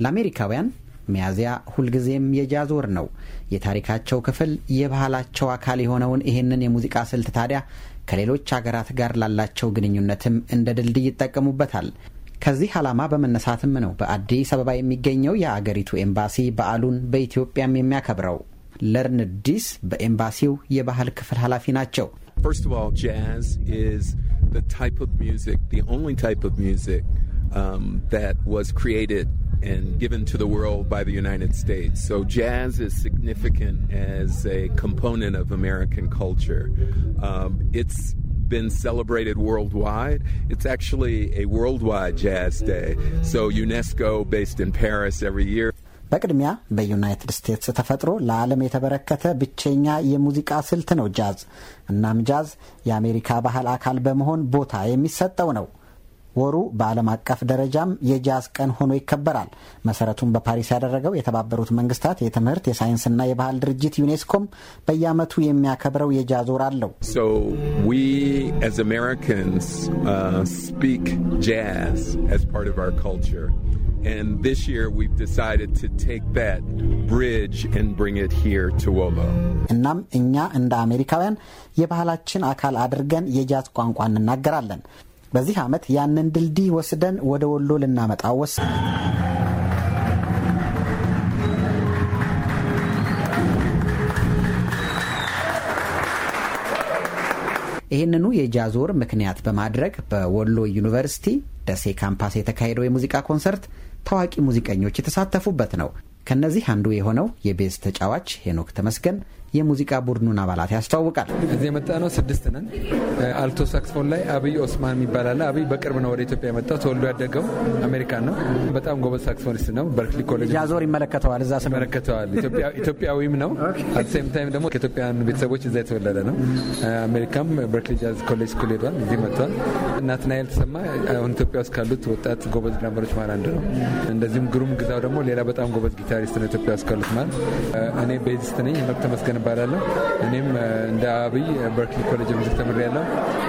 ለአሜሪካውያን ሚያዝያ ሁልጊዜም የጃዝ ወር ነው። የታሪካቸው ክፍል የባህላቸው አካል የሆነውን ይህንን የሙዚቃ ስልት ታዲያ ከሌሎች አገራት ጋር ላላቸው ግንኙነትም እንደ ድልድይ ይጠቀሙበታል። ከዚህ ዓላማ በመነሳትም ነው በአዲስ አበባ የሚገኘው የአገሪቱ ኤምባሲ በዓሉን በኢትዮጵያም የሚያከብረው። ለርን ዲስ በኤምባሲው የባህል ክፍል ኃላፊ ናቸው። and given to the world by the United States. So jazz is significant as a component of American culture. Um, it's been celebrated worldwide. It's actually a worldwide jazz day. So UNESCO, based in Paris, every year. በቅድሚያ በዩናይትድ ስቴትስ ተፈጥሮ ለዓለም የተበረከተ ብቸኛ የሙዚቃ ስልት ነው ጃዝ። እናም ጃዝ የአሜሪካ ባህል አካል በመሆን ቦታ የሚሰጠው ነው። ወሩ በዓለም አቀፍ ደረጃም የጃዝ ቀን ሆኖ ይከበራል። መሰረቱን በፓሪስ ያደረገው የተባበሩት መንግስታት የትምህርት የሳይንስና የባህል ድርጅት ዩኔስኮም በየዓመቱ የሚያከብረው የጃዝ ወር አለው። uh, እናም እኛ እንደ አሜሪካውያን የባህላችን አካል አድርገን የጃዝ ቋንቋ እንናገራለን። በዚህ ዓመት ያንን ድልድይ ወስደን ወደ ወሎ ልናመጣ ወስ ይህንኑ የጃዝ ወር ምክንያት በማድረግ በወሎ ዩኒቨርሲቲ ደሴ ካምፓስ የተካሄደው የሙዚቃ ኮንሰርት ታዋቂ ሙዚቀኞች የተሳተፉበት ነው። ከነዚህ አንዱ የሆነው የቤዝ ተጫዋች ሄኖክ ተመስገን የሙዚቃ ቡድኑን አባላት ያስተዋውቃል። እዚህ ነው ስድስት ነን። አልቶ ሳክስፎን ላይ አብይ ኦስማን የሚባል አለ። አብይ በቅርብ ነው ወደ ኢትዮጵያ የመጣው። ተወልዶ ያደገው አሜሪካን ነው። በጣም ጎበዝ ሳክስፎኒስት ነው። በርክሊ ኮሌጅ ያዞር ይመለከተዋል። እዛ ይመለከተዋል። ኢትዮጵያዊም ነው። አትሴም ታይም ደግሞ ከኢትዮጵያን ቤተሰቦች እዛ የተወለደ ነው። አሜሪካም በርክሊ ጃዝ ኮሌጅ ስኩል ሄዷል። እዚህ መጥቷል። ናትናኤል ተሰማ አሁን ኢትዮጵያ ውስጥ ካሉት ወጣት ጎበዝ ድራመሮች ማለት አንዱ ነው። እንደዚሁም ግሩም ግዛው ደግሞ ሌላ በጣም ጎበዝ ጊታሪስት ነው ኢትዮጵያ ውስጥ ካሉት ማለት። እኔ ቤዝስት ነኝ። መብት ተመስገን ብርሃን እባላለሁ። እኔም እንደ አብይ በርክሊ ኮሌጅ ሙዚክ ተምሬያለሁ።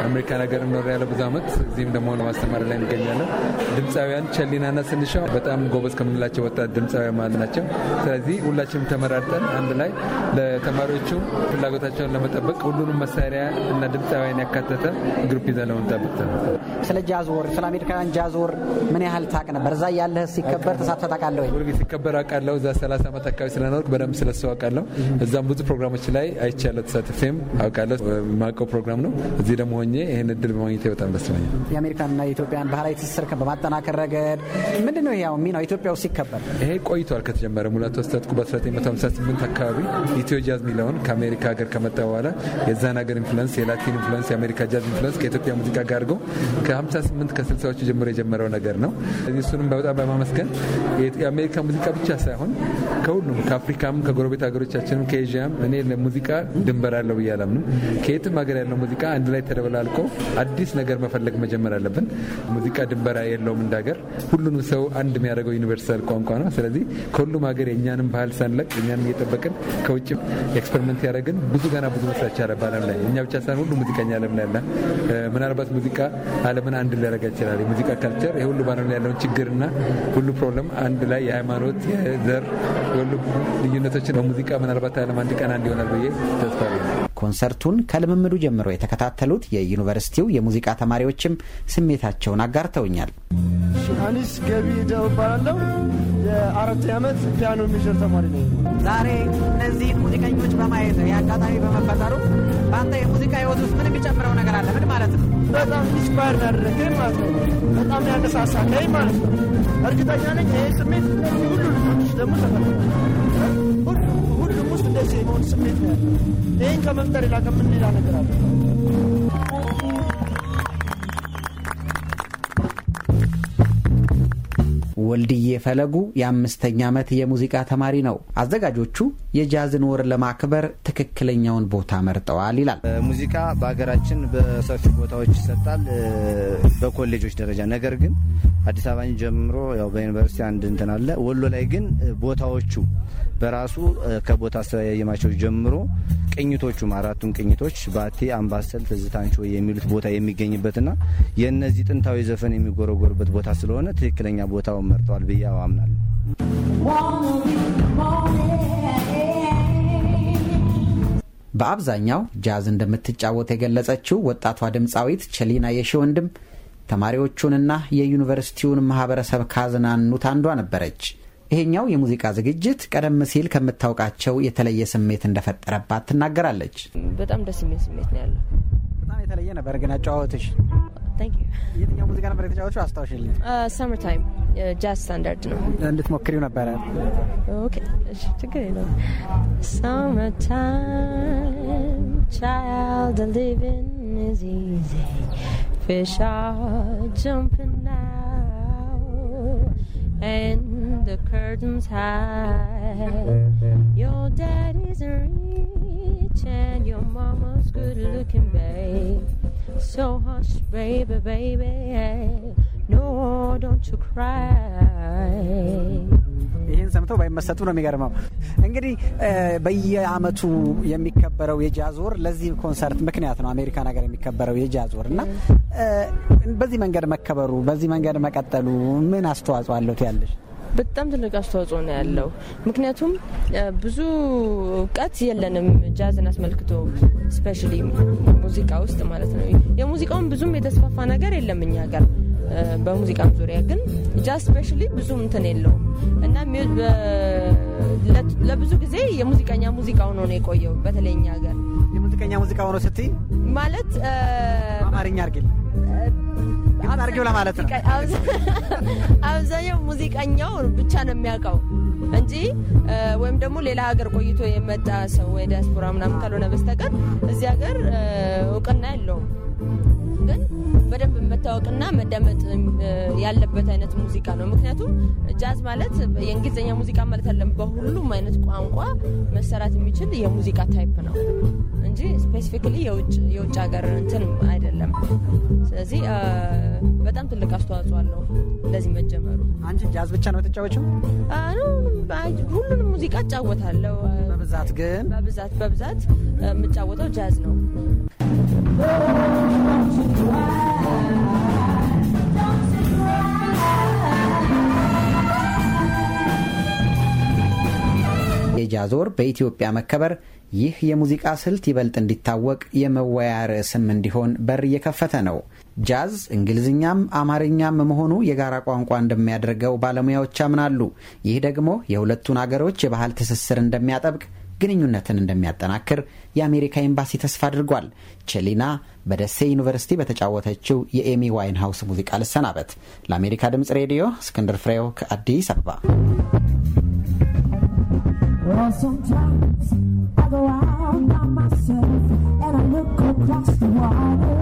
አሜሪካን ሀገር ያለው ብዙ አመት፣ እዚህም ደግሞ ለማስተማር ላይ እንገኛለን። ድምፃውያን ቸሊናና ስንሻው በጣም ጎበዝ ከምንላቸው ወጣት ድምፃውያን ማለት ናቸው። ስለዚህ ሁላችንም ተመራርጠን አንድ ላይ ለተማሪዎቹ ፍላጎታቸውን ለመጠበቅ ሁሉንም መሳሪያ እና ድምፃውያን ያካተተ ግሩፕ ይዘን ለመምጣበት ነው። ስለ ጃዝ ወር ስለ አሜሪካውያን ጃዝ ወር ምን ያህል ታቅ ነበር? እዛ ያለህ ሲከበር ተሳትፈ ታውቃለህ ወይ? ሲከበር አውቃለሁ። እዛ 30 ዓመት አካባቢ ስለኖርኩ በደንብ ስለሱ አውቃለሁ። እዛም ብዙ ፕሮግራሞች ላይ አይቻለ ተሳትፌም አውቃለሁ። ማቀው ፕሮግራም ነው። እዚህ ደግሞ ሆኜ ይህን እድል በማግኘት በጣም ደስ ይለኛል። የኢትዮጵያን ባህላዊ ትስስር በማጠናከር ረገድ ምንድን ነው ያው ሚናው ኢትዮጵያ ውስጥ ይከበር? ይሄ ቆይቷል ከተጀመረ። ሙላቱ አስታጥቁ በ1958 አካባቢ ኢትዮ ጃዝ ሚለውን ከአሜሪካ ሀገር ከመጣ በኋላ የዛን ሀገር ኢንፍሉንስ፣ የላቲን ኢንፍሉንስ፣ የአሜሪካ ጃዝ ኢንፍሉንስ ከኢትዮጵያ ሙዚቃ ጋር አድርገው ከ58 ከ60ዎቹ ጀምሮ የጀመረው ነገር ነው። እሱንም በጣም በማመስገን የአሜሪካ ሙዚቃ ብቻ ሳይሆን ከሁሉም ከአፍሪካም ከጎረቤት ሀገሮቻችንም ከኤዥያም እኔ ለሙዚቃ ድንበር አለው ብዬ አላምንም። ከየትም ሀገር ያለው ሙዚቃ አንድ ላይ ተደበላልቆ አዲስ ነገር መፈለግ መጀመር አለብን። ሙዚቃ ድንበር የለውም እንዳገር ሁሉንም ሰው አንድ የሚያደርገው ዩኒቨርሳል ቋንቋ ነው። ስለዚህ ከሁሉም ሀገር የእኛንም ባህል ሳንለቅ እኛንም እየጠበቅን ከውጭ ኤክስፐሪመንት ያደረግን ብዙ ገና ብዙ መስራት ይቻላል በዓለም ላይ እኛ ብቻ ሳይሆን ሁሉ ሙዚቀኛ አለም ላይ ያለ ምናልባት ሙዚቃ አለምን አንድ ሊያደርጋ ይችላል። የሙዚቃ ካልቸር የሁሉ ባለም ላይ ያለውን ችግርና ሁሉ ፕሮብለም አንድ ላይ የሃይማኖት፣ የዘር የሁሉ ልዩነቶችን በሙዚቃ ምናልባት አለም አንድ ቀን አንድ ይሆናል ብዬ ተስፋ ኮንሰርቱን ከልምምዱ ጀምሮ የተከታተሉት የዩኒቨርሲቲው የሙዚቃ ተማሪዎችም ስሜታቸውን አጋርተውኛል። አኒስ ገቢ ደው እባላለሁ። የአራት ዓመት ፒያኖ ሜጀር ተማሪ ነኝ። ዛሬ እነዚህን ሙዚቀኞች በማየት የአጋጣሚ በመፈጠሩ በአንተ የሙዚቃ ህይወት ውስጥ ምን የሚጨምረው ነገር አለ? ምን ማለት ነው? በጣም ኢንስፓየር ያደረገ ማለት ነው። በጣም ያነሳሳ ማለት ነው። እርግጠኛ ነኝ ይህ ስሜት ሁሉ ልጆች ደግሞ ተፈጠ ራስ የመሆን ስሜት ነው ያለ። ይህን ከመፍጠር ላቀ ከምን ሌላ ነገር አለ? ወልድዬ ፈለጉ የአምስተኛ ዓመት የሙዚቃ ተማሪ ነው። አዘጋጆቹ የጃዝን ወር ለማክበር ትክክለኛውን ቦታ መርጠዋል ይላል። ሙዚቃ በሀገራችን በሰፊ ቦታዎች ይሰጣል፣ በኮሌጆች ደረጃ ነገር ግን አዲስ አበባን ጀምሮ ያው በዩኒቨርሲቲ አንድ እንትን አለ። ወሎ ላይ ግን ቦታዎቹ በራሱ ከቦታ አስተያየማቸው ጀምሮ ቅኝቶቹም አራቱም ቅኝቶች ባቴ፣ አምባሰል፣ ትዝታንቾ የሚሉት ቦታ የሚገኝበትና የእነዚህ ጥንታዊ ዘፈን የሚጎረጎርበት ቦታ ስለሆነ ትክክለኛ ቦታውን መርጠዋል ብዬ አምናለሁ። በአብዛኛው ጃዝ እንደምትጫወት የገለጸችው ወጣቷ ድምፃዊት ቸሊና የሺወንድም ተማሪዎቹንና የዩኒቨርሲቲውን ማህበረሰብ ካዝናኑት አንዷ ነበረች። ይሄኛው የሙዚቃ ዝግጅት ቀደም ሲል ከምታውቃቸው የተለየ ስሜት እንደፈጠረባት ትናገራለች። በጣም ደስ የሚል ስሜት ነው ያለው። በጣም የተለየ ነበር ግን አጨዋወትሽ። የትኛው ሙዚቃ ነበር የተጫወቹ? አስታውሽልኝ። ሰመር ታይም ጃዝ ስታንዳርድ ነው። እንድትሞክሪው ነበረ። ችግር የለውም። ሰመር ታይም ቻይልድ ሊቪንግ is easy fish are jumping now and the curtains high. Your daddy's rich and your mama's good looking, babe. So hush, baby, baby. No, don't you cry. ይህን ሰምተው ባይመሰጡ ነው የሚገርመው። እንግዲህ በየአመቱ የሚከበረው የጃዝ ወር ለዚህ ኮንሰርት ምክንያት ነው። አሜሪካን ሀገር የሚከበረው የጃዝ ወር እና በዚህ መንገድ መከበሩ፣ በዚህ መንገድ መቀጠሉ ምን አስተዋጽኦ አለው ትያለሽ? በጣም ትልቅ አስተዋጽኦ ነው ያለው። ምክንያቱም ብዙ እውቀት የለንም ጃዝን አስመልክቶ ስፔሻሊ ሙዚቃ ውስጥ ማለት ነው። የሙዚቃውን ብዙም የተስፋፋ ነገር የለም እኛ ጋር በሙዚቃም ዙሪያ ግን ጃዝ ስፔሻሊ ብዙ እንትን የለውም እና ለብዙ ጊዜ የሙዚቀኛ ሙዚቃ ሆኖ ነው የቆየው። በተለይ እኛ ሀገር የሙዚቀኛ ሙዚቃ ሆኖ ስትይ ማለት አማርኛ አርግል አድርጊው ለማለት ነው። አብዛኛው ሙዚቀኛው ብቻ ነው የሚያውቀው እንጂ ወይም ደግሞ ሌላ ሀገር ቆይቶ የመጣ ሰው ወይ ዲያስፖራ ምናምን ካልሆነ በስተቀር እዚህ ሀገር እውቅና የለውም። መታወቅና መደመጥ ያለበት አይነት ሙዚቃ ነው። ምክንያቱም ጃዝ ማለት የእንግሊዝኛ ሙዚቃ ማለት አለም በሁሉም አይነት ቋንቋ መሰራት የሚችል የሙዚቃ ታይፕ ነው እንጂ ስፔሲፊክሊ የውጭ ሀገር እንትን አይደለም። ስለዚህ በጣም ትልቅ አስተዋጽኦ አለው እንደዚህ መጀመሩ። አንቺ ጃዝ ብቻ ነው የተጫወችው? ሁሉንም ሙዚቃ እጫወታለሁ። በብዛት ግን በብዛት በብዛት የምጫወተው ጃዝ ነው። በሚዲያ ዞር በኢትዮጵያ መከበር ይህ የሙዚቃ ስልት ይበልጥ እንዲታወቅ የመወያ ርዕስም እንዲሆን በር እየከፈተ ነው። ጃዝ እንግሊዝኛም አማርኛም መሆኑ የጋራ ቋንቋ እንደሚያደርገው ባለሙያዎች ያምናሉ። ይህ ደግሞ የሁለቱን አገሮች የባህል ትስስር እንደሚያጠብቅ ግንኙነትን እንደሚያጠናክር የአሜሪካ ኤምባሲ ተስፋ አድርጓል። ቸሊና በደሴ ዩኒቨርሲቲ በተጫወተችው የኤሚ ዋይን ሀውስ ሙዚቃ ልሰናበት። ለአሜሪካ ድምፅ ሬዲዮ እስክንድር ፍሬው ከአዲስ አበባ Well, sometimes I go out by myself and I look across the water.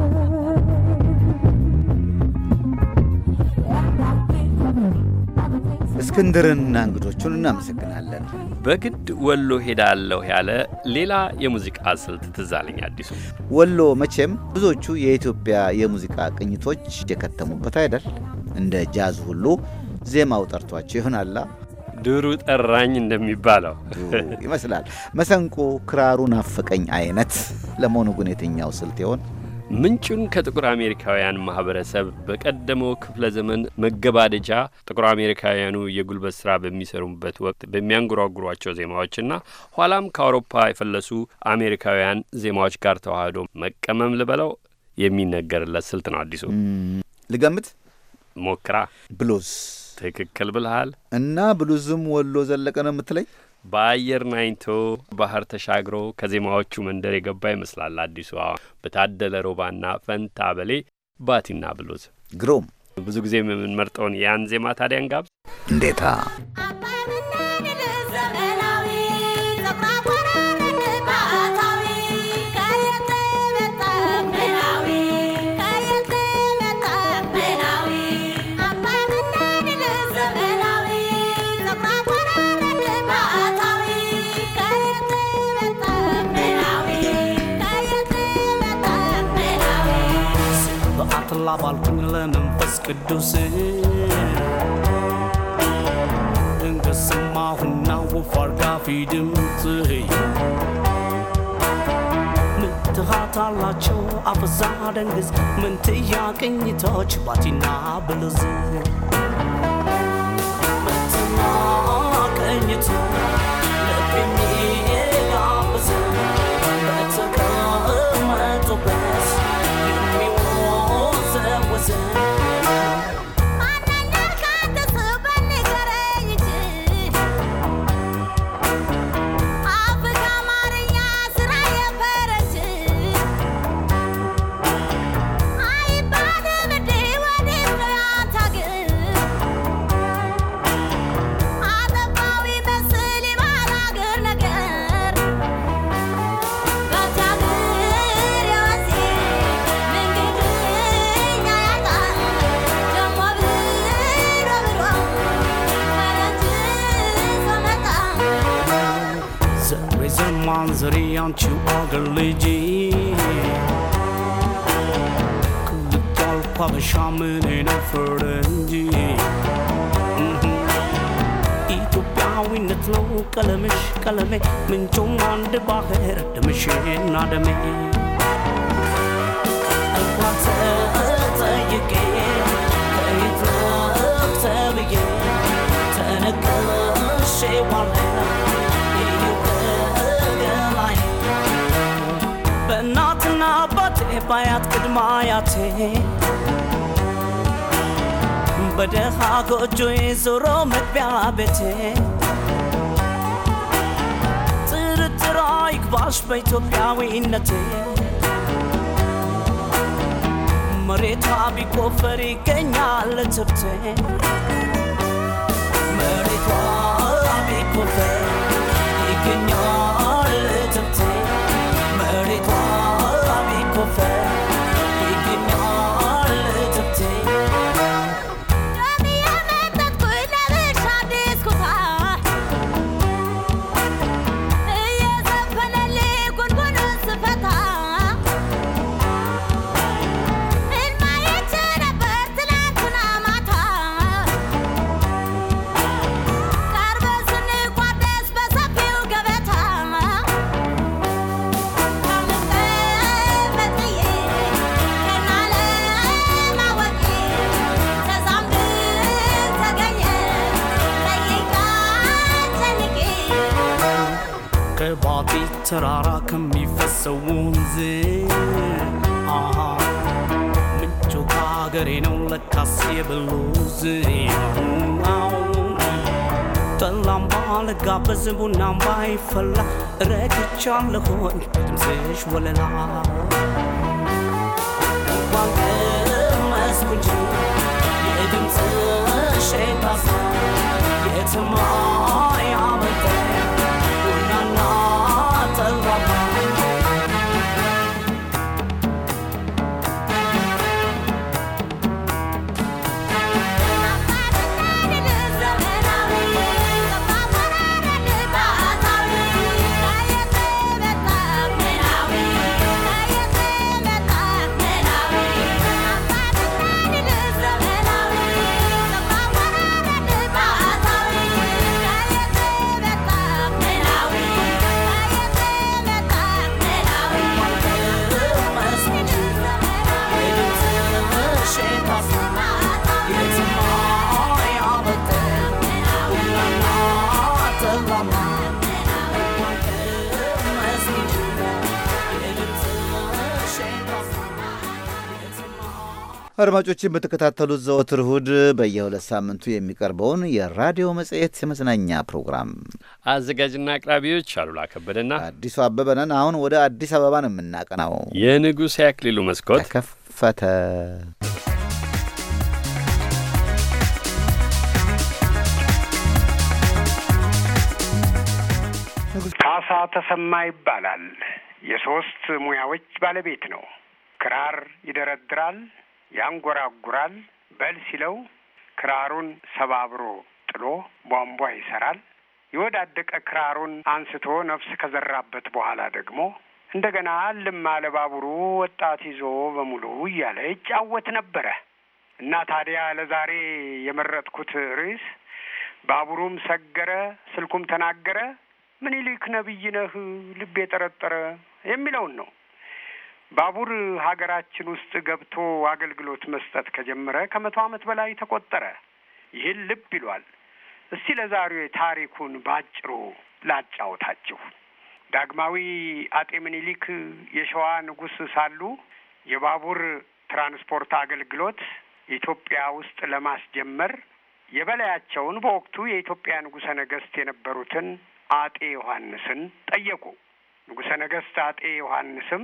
እንግዶቹን እናመሰግናለን። በግድ ወሎ ሄዳለሁ ያለ ሌላ የሙዚቃ ስልት ትዛለኝ። አዲሱ ወሎ መቼም ብዙዎቹ የኢትዮጵያ የሙዚቃ ቅኝቶች የከተሙበት አይደል? እንደ ጃዝ ሁሉ ዜማው ጠርቷቸው ይሆናላ። ድሩ ጠራኝ እንደሚባለው ይመስላል። መሰንቆ ክራሩ ናፈቀኝ አይነት ለመሆኑ ግን የትኛው ስልት ይሆን? ምንጩን ከጥቁር አሜሪካውያን ማህበረሰብ በቀደመው ክፍለ ዘመን መገባደጃ ጥቁር አሜሪካውያኑ የጉልበት ስራ በሚሰሩበት ወቅት በሚያንጎራጉሯቸው ዜማዎችና ኋላም ከአውሮፓ የፈለሱ አሜሪካውያን ዜማዎች ጋር ተዋህዶ መቀመም ልበለው የሚነገርለት ስልት ነው። አዲሱ ልገምት ሞክራ ብሉዝ ትክክል ብልሃል። እና ብሉዝም ወሎ ዘለቀ ነው የምትለኝ? በአየር ናኝቶ ባህር ተሻግሮ ከዜማዎቹ መንደር የገባ ይመስላል። አዲሱ በታደለ ሮባና ፈንታ በሌ ባቲና ብሉዝ ግሩም። ብዙ ጊዜ የምንመርጠውን ያን ዜማ ታዲያን ጋብዝ እንዴታ ሰላም አልኩኝ ለመንፈስ ቅዱስ ድንገት ሰማሁና ወፍ አርጋፊ ድምፅ ምትሃት አላቸው አፈዛ ደንግዝ ምንትያ ቅኝቶች ባቲና ብልዝ ምንትና ቅኝቶ بدخ عقوجي زرو متبع بيتي طير ترايك باش بيتوبيا وينتي مريت عبي كوفري كنيا على تبتي مريت عبي كوفري كنيا በዝሙና ማይፈላ ረግቻም ለሆን ድምፅሽ ወለላ እንኳን ቀመስኩ እንጂ የድምፅሽ ባሳ የትማይ አመጠ አድማጮችን በተከታተሉት ዘወትር እሁድ በየሁለት ሳምንቱ የሚቀርበውን የራዲዮ መጽሔት የመዝናኛ ፕሮግራም አዘጋጅና አቅራቢዎች አሉላ ከበደና አዲሱ አበበነን። አሁን ወደ አዲስ አበባ ነው የምናቀናው። የንጉሥ ያክሊሉ መስኮት ተከፈተ። ካሳ ተሰማ ይባላል። የሶስት ሙያዎች ባለቤት ነው። ክራር ይደረድራል ያንጎራጉራል። በል ሲለው ክራሩን ሰባብሮ ጥሎ ቧንቧ ይሰራል። የወዳደቀ ክራሩን አንስቶ ነፍስ ከዘራበት በኋላ ደግሞ እንደገና ልማ ለባቡሩ ወጣት ይዞ በሙሉ እያለ ይጫወት ነበረ እና ታዲያ ለዛሬ የመረጥኩት ርዕስ ባቡሩም ሰገረ፣ ስልኩም ተናገረ፣ ምኒልክ ነብይ ነህ ልቤ ጠረጠረ የሚለውን ነው። ባቡር ሀገራችን ውስጥ ገብቶ አገልግሎት መስጠት ከጀመረ ከመቶ ዓመት በላይ ተቆጠረ። ይህን ልብ ይሏል። እስቲ ለዛሬው ታሪኩን ባጭሩ ላጫውታችሁ። ዳግማዊ አጤ ምኒሊክ የሸዋ ንጉሥ ሳሉ የባቡር ትራንስፖርት አገልግሎት ኢትዮጵያ ውስጥ ለማስጀመር የበላያቸውን በወቅቱ የኢትዮጵያ ንጉሠ ነገሥት የነበሩትን አጤ ዮሐንስን ጠየቁ። ንጉሠ ነገሥት አጤ ዮሐንስም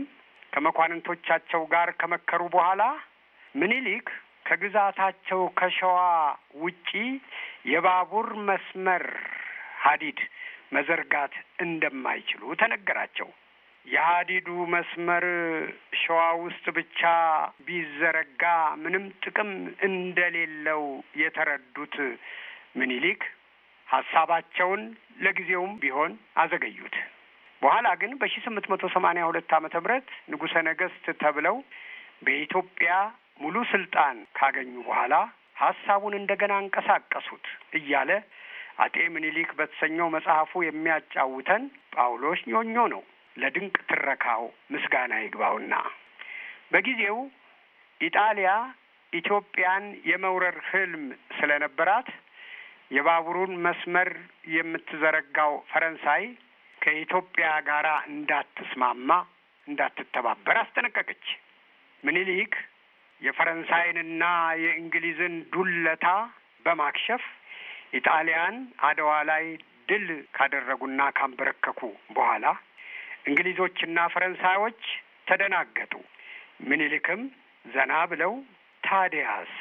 ከመኳንንቶቻቸው ጋር ከመከሩ በኋላ ምኒልክ ከግዛታቸው ከሸዋ ውጪ የባቡር መስመር ሀዲድ መዘርጋት እንደማይችሉ ተነገራቸው። የሀዲዱ መስመር ሸዋ ውስጥ ብቻ ቢዘረጋ ምንም ጥቅም እንደሌለው የተረዱት ምኒልክ ሀሳባቸውን ለጊዜውም ቢሆን አዘገዩት። በኋላ ግን በሺ ስምንት መቶ ሰማኒያ ሁለት አመተ ምህረት ንጉሰ ነገስት ተብለው በኢትዮጵያ ሙሉ ስልጣን ካገኙ በኋላ ሀሳቡን እንደገና አንቀሳቀሱት እያለ አጤ ምኒሊክ በተሰኘው መጽሐፉ የሚያጫውተን ጳውሎስ ኞኞ ነው። ለድንቅ ትረካው ምስጋና ይግባውና በጊዜው ኢጣሊያ ኢትዮጵያን የመውረር ህልም ስለነበራት የባቡሩን መስመር የምትዘረጋው ፈረንሳይ ከኢትዮጵያ ጋር እንዳትስማማ፣ እንዳትተባበር አስጠነቀቀች። ምኒልክ የፈረንሳይንና የእንግሊዝን ዱለታ በማክሸፍ ኢጣሊያን አድዋ ላይ ድል ካደረጉና ካንበረከኩ በኋላ እንግሊዞችና ፈረንሳዮች ተደናገጡ። ምኒልክም ዘና ብለው ታዲያስ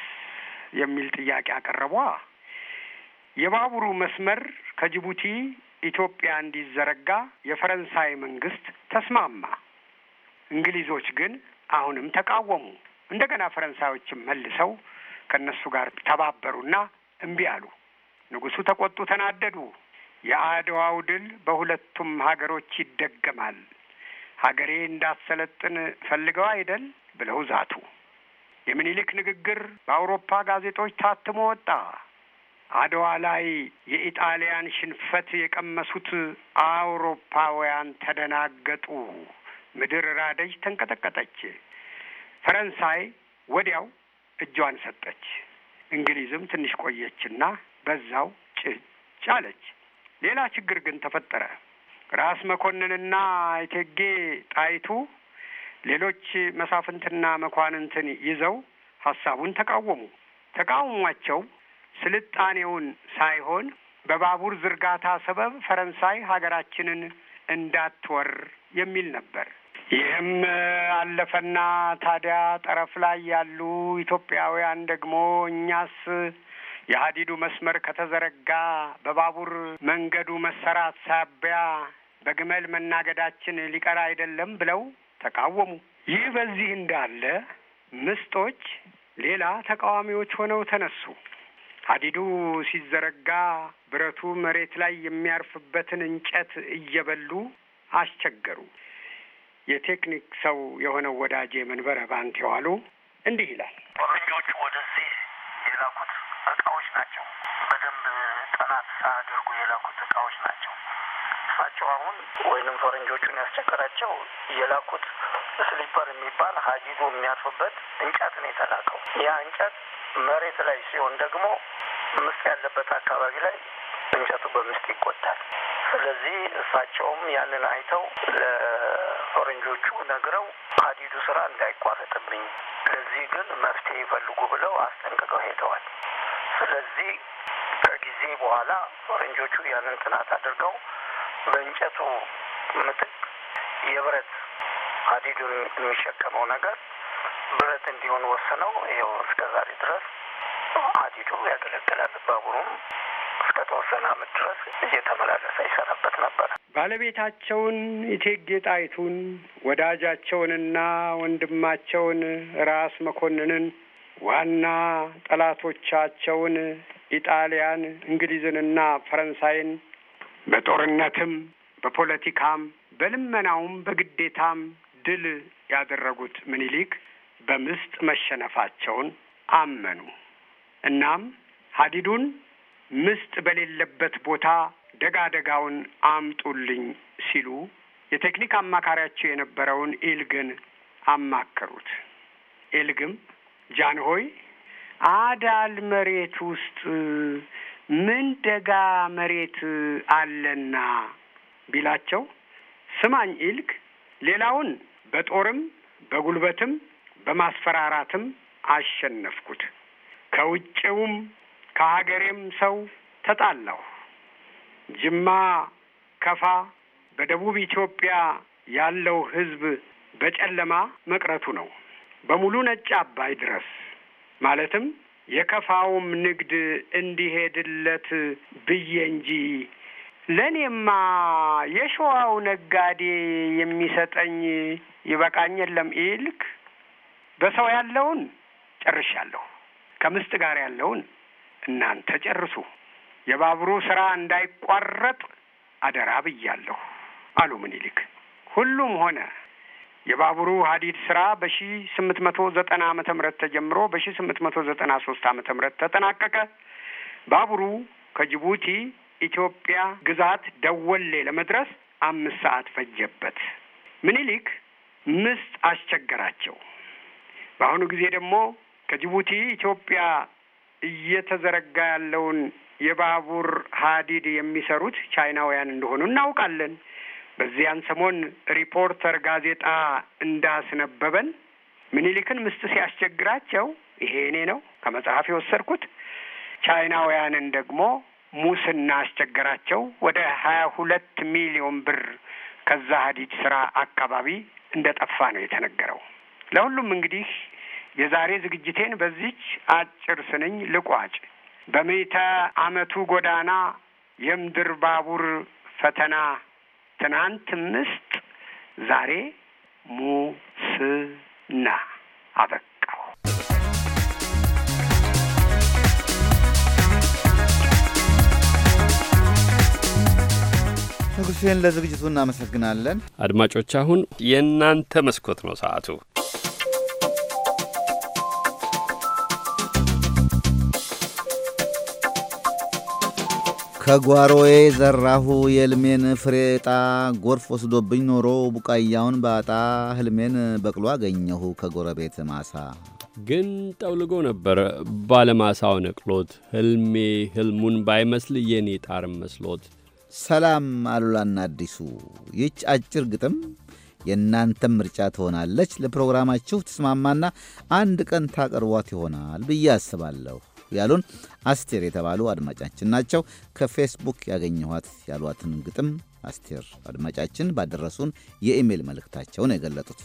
የሚል ጥያቄ አቀረቧ። የባቡሩ መስመር ከጅቡቲ ኢትዮጵያ እንዲዘረጋ የፈረንሳይ መንግስት ተስማማ። እንግሊዞች ግን አሁንም ተቃወሙ። እንደገና ፈረንሳዮችም መልሰው ከእነሱ ጋር ተባበሩና እምቢ አሉ። ንጉሱ ተቆጡ፣ ተናደዱ። የአድዋው ድል በሁለቱም ሀገሮች ይደገማል፣ ሀገሬ እንዳትሰለጥን ፈልገው አይደል ብለው ዛቱ። የሚኒሊክ ንግግር በአውሮፓ ጋዜጦች ታትሞ ወጣ። አድዋ ላይ የኢጣሊያን ሽንፈት የቀመሱት አውሮፓውያን ተደናገጡ። ምድር ራደጅ ተንቀጠቀጠች። ፈረንሳይ ወዲያው እጇን ሰጠች። እንግሊዝም ትንሽ ቆየችና በዛው ጭጭ አለች። ሌላ ችግር ግን ተፈጠረ። ራስ መኮንንና እቴጌ ጣይቱ ሌሎች መሳፍንትና መኳንንትን ይዘው ሀሳቡን ተቃወሙ። ተቃውሟቸው ስልጣኔውን ሳይሆን በባቡር ዝርጋታ ሰበብ ፈረንሳይ ሀገራችንን እንዳትወር የሚል ነበር። ይህም አለፈና ታዲያ ጠረፍ ላይ ያሉ ኢትዮጵያውያን ደግሞ እኛስ የሀዲዱ መስመር ከተዘረጋ በባቡር መንገዱ መሰራት ሳቢያ በግመል መናገዳችን ሊቀር አይደለም ብለው ተቃወሙ። ይህ በዚህ እንዳለ ምስጦች ሌላ ተቃዋሚዎች ሆነው ተነሱ። ሀዲዱ ሲዘረጋ ብረቱ መሬት ላይ የሚያርፍበትን እንጨት እየበሉ አስቸገሩ። የቴክኒክ ሰው የሆነው ወዳጄ መንበረ ባንክ የዋሉ እንዲህ ይላል። ቆረኞቹ ወደዚህ የላኩት እቃዎች ናቸው። በደንብ ጥናት ሳያደርጉ የላኩት እቃዎች ናቸው። እሳቸው አሁን ወይንም ፈረንጆቹን ያስቸገራቸው የላኩት ስሊፐር የሚባል ሀዲዱ የሚያርፍበት እንጨት ነው የተላከው። ያ እንጨት መሬት ላይ ሲሆን ደግሞ ምስ ያለበት አካባቢ ላይ እንጨቱ በምስጥ ይቆጣል። ስለዚህ እሳቸውም ያንን አይተው ለፈረንጆቹ ነግረው ሀዲዱ ስራ እንዳይቋረጥብኝ፣ ለዚህ ግን መፍትሄ ይፈልጉ ብለው አስጠንቅቀው ሄደዋል። ስለዚህ ከጊዜ በኋላ ፈረንጆቹ ያንን ጥናት አድርገው በእንጨቱ ምትክ የብረት ሀዲዱን የሚሸከመው ነገር ብረት እንዲሆን ወስነው ይኸው እስከ ዛሬ ድረስ ሀዲዱ ያገለግላል። ባቡሩም እስከ ተወሰነ ዓመት ድረስ እየተመላለሰ ይሰራበት ነበር። ባለቤታቸውን እቴጌ ጣይቱን ወዳጃቸውንና ወንድማቸውን ራስ መኮንንን ዋና ጠላቶቻቸውን ኢጣሊያን፣ እንግሊዝንና ፈረንሳይን በጦርነትም በፖለቲካም በልመናውም በግዴታም ድል ያደረጉት ምኒልክ በምስጥ መሸነፋቸውን አመኑ። እናም ሀዲዱን ምስጥ በሌለበት ቦታ ደጋደጋውን አምጡልኝ ሲሉ የቴክኒክ አማካሪያቸው የነበረውን ኢልግን አማከሩት። ኢልግም ጃንሆይ አዳል መሬት ውስጥ ምን ደጋ መሬት አለና ቢላቸው፣ ስማኝ ኢልግ፣ ሌላውን በጦርም በጉልበትም በማስፈራራትም አሸነፍኩት። ከውጭውም ከሀገሬም ሰው ተጣላሁ። ጅማ ከፋ፣ በደቡብ ኢትዮጵያ ያለው ሕዝብ በጨለማ መቅረቱ ነው። በሙሉ ነጭ አባይ ድረስ ማለትም የከፋውም ንግድ እንዲሄድለት ብዬ እንጂ ለእኔማ የሸዋው ነጋዴ የሚሰጠኝ ይበቃኝ የለም። ኢልክ በሰው ያለውን ጨርሻለሁ። ከምስጥ ጋር ያለውን እናንተ ጨርሱ። የባቡሩ ስራ እንዳይቋረጥ አደራ ብያለሁ አሉ ምኒልክ። ሁሉም ሆነ። የባቡሩ ሀዲድ ስራ በሺ ስምንት መቶ ዘጠና አመተ ምህረት ተጀምሮ በሺ ስምንት መቶ ዘጠና ሶስት አመተ ምህረት ተጠናቀቀ። ባቡሩ ከጅቡቲ ኢትዮጵያ ግዛት ደወሌ ለመድረስ አምስት ሰዓት ፈጀበት። ምኒልክ ምስጥ አስቸገራቸው። በአሁኑ ጊዜ ደግሞ ከጅቡቲ ኢትዮጵያ እየተዘረጋ ያለውን የባቡር ሀዲድ የሚሰሩት ቻይናውያን እንደሆኑ እናውቃለን። በዚያን ሰሞን ሪፖርተር ጋዜጣ እንዳስነበበን ምኒልክን ምስጥ ሲያስቸግራቸው ይሄ እኔ ነው ከመጽሐፍ የወሰድኩት፣ ቻይናውያንን ደግሞ ሙስና አስቸገራቸው። ወደ ሀያ ሁለት ሚሊዮን ብር ከዛ ሀዲድ ስራ አካባቢ እንደጠፋ ነው የተነገረው። ለሁሉም እንግዲህ የዛሬ ዝግጅቴን በዚች አጭር ስንኝ ልቋጭ። በምዕተ ዓመቱ ጎዳና የምድር ባቡር ፈተና ትናንት ምስጥ ዛሬ ሙስና አበቃ። ንጉሴን ለዝግጅቱ እናመሰግናለን። አድማጮች አሁን የእናንተ መስኮት ነው ሰዓቱ። ከጓሮዬ ዘራሁ የልሜን ፍሬጣ ጎርፍ ወስዶብኝ ኖሮ ቡቃያውን ባጣ ህልሜን በቅሎ አገኘሁ ከጎረቤት ማሳ። ግን ጠውልጎ ነበር ባለማሳው ነቅሎት ህልሜ ህልሙን ባይመስል የኔ ጣር መስሎት። ሰላም አሉላና አዲሱ። ይች አጭር ግጥም የእናንተም ምርጫ ትሆናለች። ለፕሮግራማችሁ ትስማማና አንድ ቀን ታቀርቧት ይሆናል ብዬ አስባለሁ። ያሉን አስቴር የተባሉ አድማጫችን ናቸው። ከፌስቡክ ያገኘኋት ያሏትን ግጥም አስቴር አድማጫችን ባደረሱን የኢሜይል መልእክታቸውን የገለጡት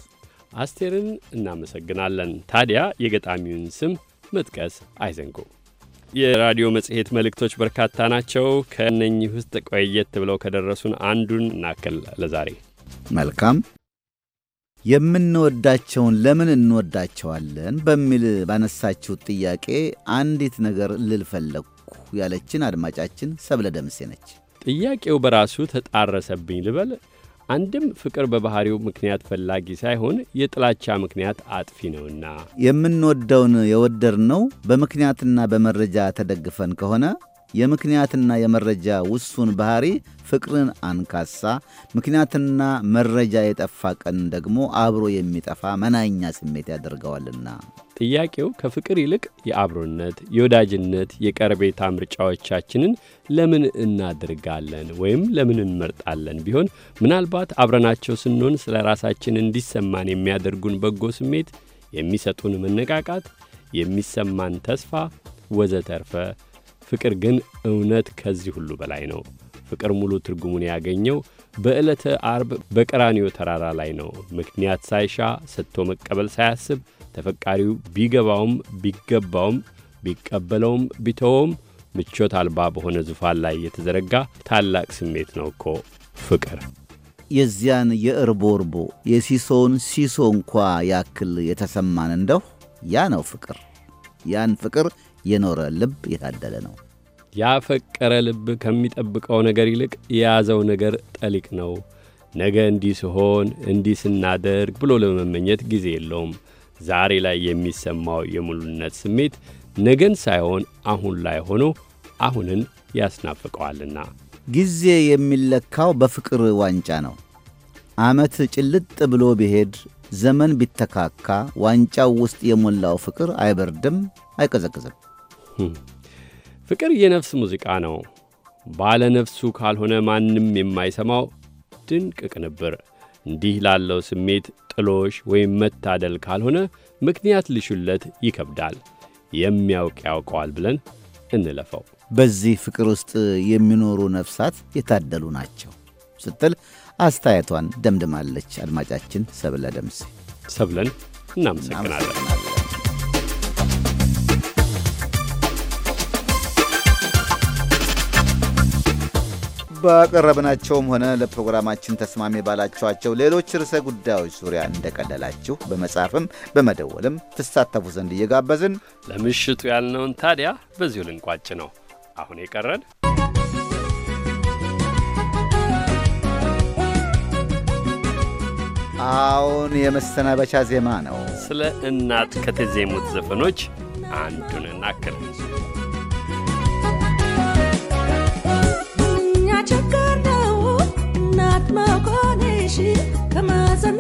አስቴርን እናመሰግናለን። ታዲያ የገጣሚውን ስም መጥቀስ አይዘንጉ። የራዲዮ መጽሔት መልእክቶች በርካታ ናቸው። ከእነኚህ ውስጥ ቆየት ብለው ከደረሱን አንዱን እናክል ለዛሬ መልካም የምንወዳቸውን ለምን እንወዳቸዋለን በሚል ባነሳችሁ ጥያቄ አንዲት ነገር ልልፈለግኩ ያለችን አድማጫችን ሰብለ ደምሴ ነች። ጥያቄው በራሱ ተጣረሰብኝ ልበል። አንድም ፍቅር በባህሪው ምክንያት ፈላጊ ሳይሆን የጥላቻ ምክንያት አጥፊ ነውና የምንወደውን የወደድነው በምክንያትና በመረጃ ተደግፈን ከሆነ የምክንያትና የመረጃ ውሱን ባህሪ ፍቅርን አንካሳ፣ ምክንያትና መረጃ የጠፋ ቀን ደግሞ አብሮ የሚጠፋ መናኛ ስሜት ያደርገዋልና። ጥያቄው ከፍቅር ይልቅ የአብሮነት፣ የወዳጅነት፣ የቀረቤታ ምርጫዎቻችንን ለምን እናድርጋለን ወይም ለምን እንመርጣለን ቢሆን ምናልባት አብረናቸው ስንሆን ስለ ራሳችን እንዲሰማን የሚያደርጉን በጎ ስሜት፣ የሚሰጡን መነቃቃት፣ የሚሰማን ተስፋ ወዘተርፈ ፍቅር ግን እውነት ከዚህ ሁሉ በላይ ነው። ፍቅር ሙሉ ትርጉሙን ያገኘው በዕለተ አርብ በቀራኒዮ ተራራ ላይ ነው። ምክንያት ሳይሻ ሰጥቶ መቀበል ሳያስብ ተፈቃሪው ቢገባውም ቢገባውም ቢቀበለውም ቢተወውም ምቾት አልባ በሆነ ዙፋን ላይ የተዘረጋ ታላቅ ስሜት ነው እኮ ፍቅር። የዚያን የእርቦ እርቦ የሲሶውን ሲሶ እንኳ ያክል የተሰማን እንደሁ ያ ነው ፍቅር። ያን ፍቅር የኖረ ልብ የታደለ ነው። ያፈቀረ ልብ ከሚጠብቀው ነገር ይልቅ የያዘው ነገር ጠሊቅ ነው። ነገ እንዲህ ሲሆን እንዲህ ስናደርግ ብሎ ለመመኘት ጊዜ የለውም። ዛሬ ላይ የሚሰማው የሙሉነት ስሜት ነገን ሳይሆን አሁን ላይ ሆኖ አሁንን ያስናፍቀዋልና ጊዜ የሚለካው በፍቅር ዋንጫ ነው። ዓመት ጭልጥ ብሎ ቢሄድ ዘመን ቢተካካ ዋንጫው ውስጥ የሞላው ፍቅር አይበርድም፣ አይቀዘቅዝም። ፍቅር የነፍስ ሙዚቃ ነው። ባለ ነፍሱ ካልሆነ ማንም የማይሰማው ድንቅ ቅንብር። እንዲህ ላለው ስሜት ጥሎሽ ወይም መታደል ካልሆነ ምክንያት ልሹለት ይከብዳል። የሚያውቅ ያውቀዋል ብለን እንለፈው። በዚህ ፍቅር ውስጥ የሚኖሩ ነፍሳት የታደሉ ናቸው ስትል አስተያየቷን ደምድማለች። አድማጫችን ሰብለ ደምሴ ሰብለን እናመሰግናለን። ባቀረብናቸውም ሆነ ለፕሮግራማችን ተስማሚ ባላችኋቸው ሌሎች ርዕሰ ጉዳዮች ዙሪያ እንደቀለላችሁ በመጻፍም በመደወልም ትሳተፉ ዘንድ እየጋበዝን ለምሽቱ ያልነውን ታዲያ በዚሁ ልንቋጭ ነው። አሁን የቀረን አሁን የመሰናበቻ ዜማ ነው። ስለ እናት ከተዜሙት ዘፈኖች አንዱን እናክል። not my condition. Come as a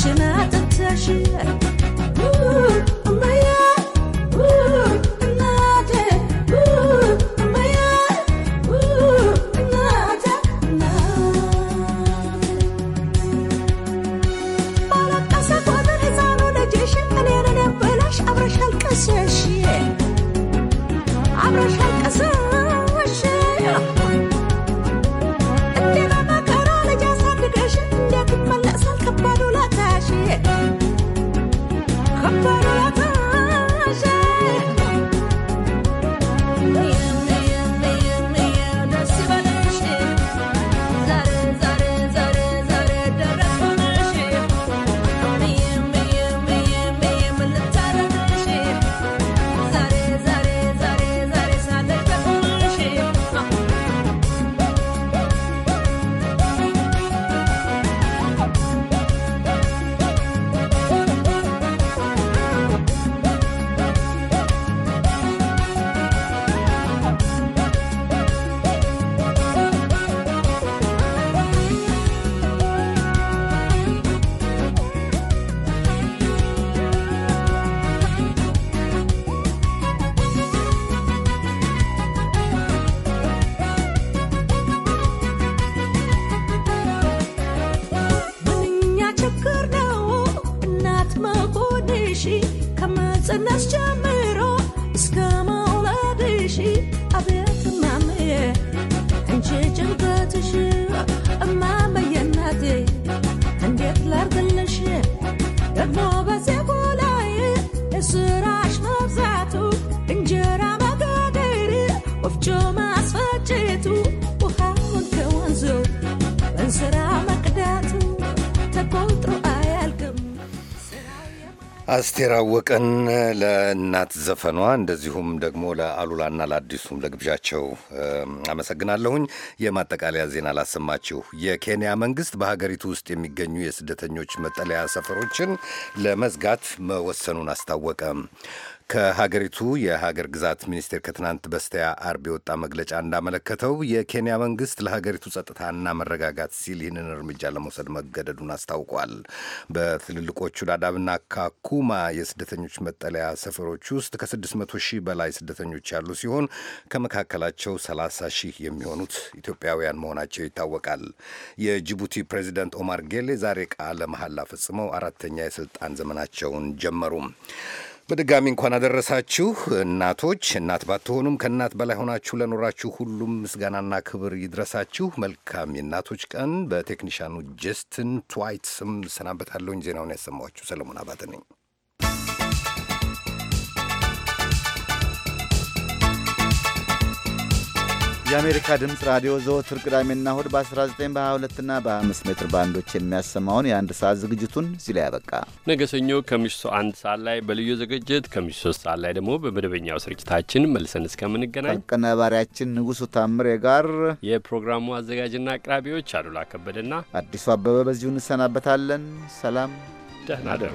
I'm chemin à te አስቴር አወቀን ለእናት ዘፈኗ እንደዚሁም ደግሞ ለአሉላና ለአዲሱም ለግብዣቸው አመሰግናለሁኝ። የማጠቃለያ ዜና ላሰማችሁ። የኬንያ መንግስት በሀገሪቱ ውስጥ የሚገኙ የስደተኞች መጠለያ ሰፈሮችን ለመዝጋት መወሰኑን አስታወቀ። ከሀገሪቱ የሀገር ግዛት ሚኒስቴር ከትናንት በስቲያ አርብ የወጣ መግለጫ እንዳመለከተው የኬንያ መንግስት ለሀገሪቱ ጸጥታና መረጋጋት ሲል ይህንን እርምጃ ለመውሰድ መገደዱን አስታውቋል። በትልልቆቹ ዳዳብና ካኩማ የስደተኞች መጠለያ ሰፈሮች ውስጥ ከ600 ሺህ በላይ ስደተኞች ያሉ ሲሆን ከመካከላቸው 30 ሺህ የሚሆኑት ኢትዮጵያውያን መሆናቸው ይታወቃል። የጅቡቲ ፕሬዚደንት ኦማር ጌሌ ዛሬ ቃለ መሐላ ፈጽመው አራተኛ የስልጣን ዘመናቸውን ጀመሩ። በድጋሚ እንኳን አደረሳችሁ እናቶች። እናት ባትሆኑም ከእናት በላይ ሆናችሁ ለኖራችሁ ሁሉም ምስጋናና ክብር ይድረሳችሁ። መልካም የእናቶች ቀን። በቴክኒሻኑ ጀስትን ትዋይት ስም ሰናበታለሁኝ። ዜናውን ያሰማኋችሁ ሰለሞን አባተ ነኝ። የአሜሪካ ድምፅ ራዲዮ ዘወትር ቅዳሜና እሁድ በ19 በ22 እና በ5 ሜትር ባንዶች የሚያሰማውን የአንድ ሰዓት ዝግጅቱን እዚህ ላይ ያበቃ። ነገ ሰኞ ከምሽቱ አንድ ሰዓት ላይ በልዩ ዝግጅት ከምሽቱ ሶስት ሰዓት ላይ ደግሞ በመደበኛው ስርጭታችን መልሰን እስከምንገናኝ ከአቀናባሪያችን ንጉሱ ታምሬ ጋር የፕሮግራሙ አዘጋጅና አቅራቢዎች አሉላ ከበደና አዲሱ አበበ በዚሁ እንሰናበታለን። ሰላም፣ ደህና ደሩ።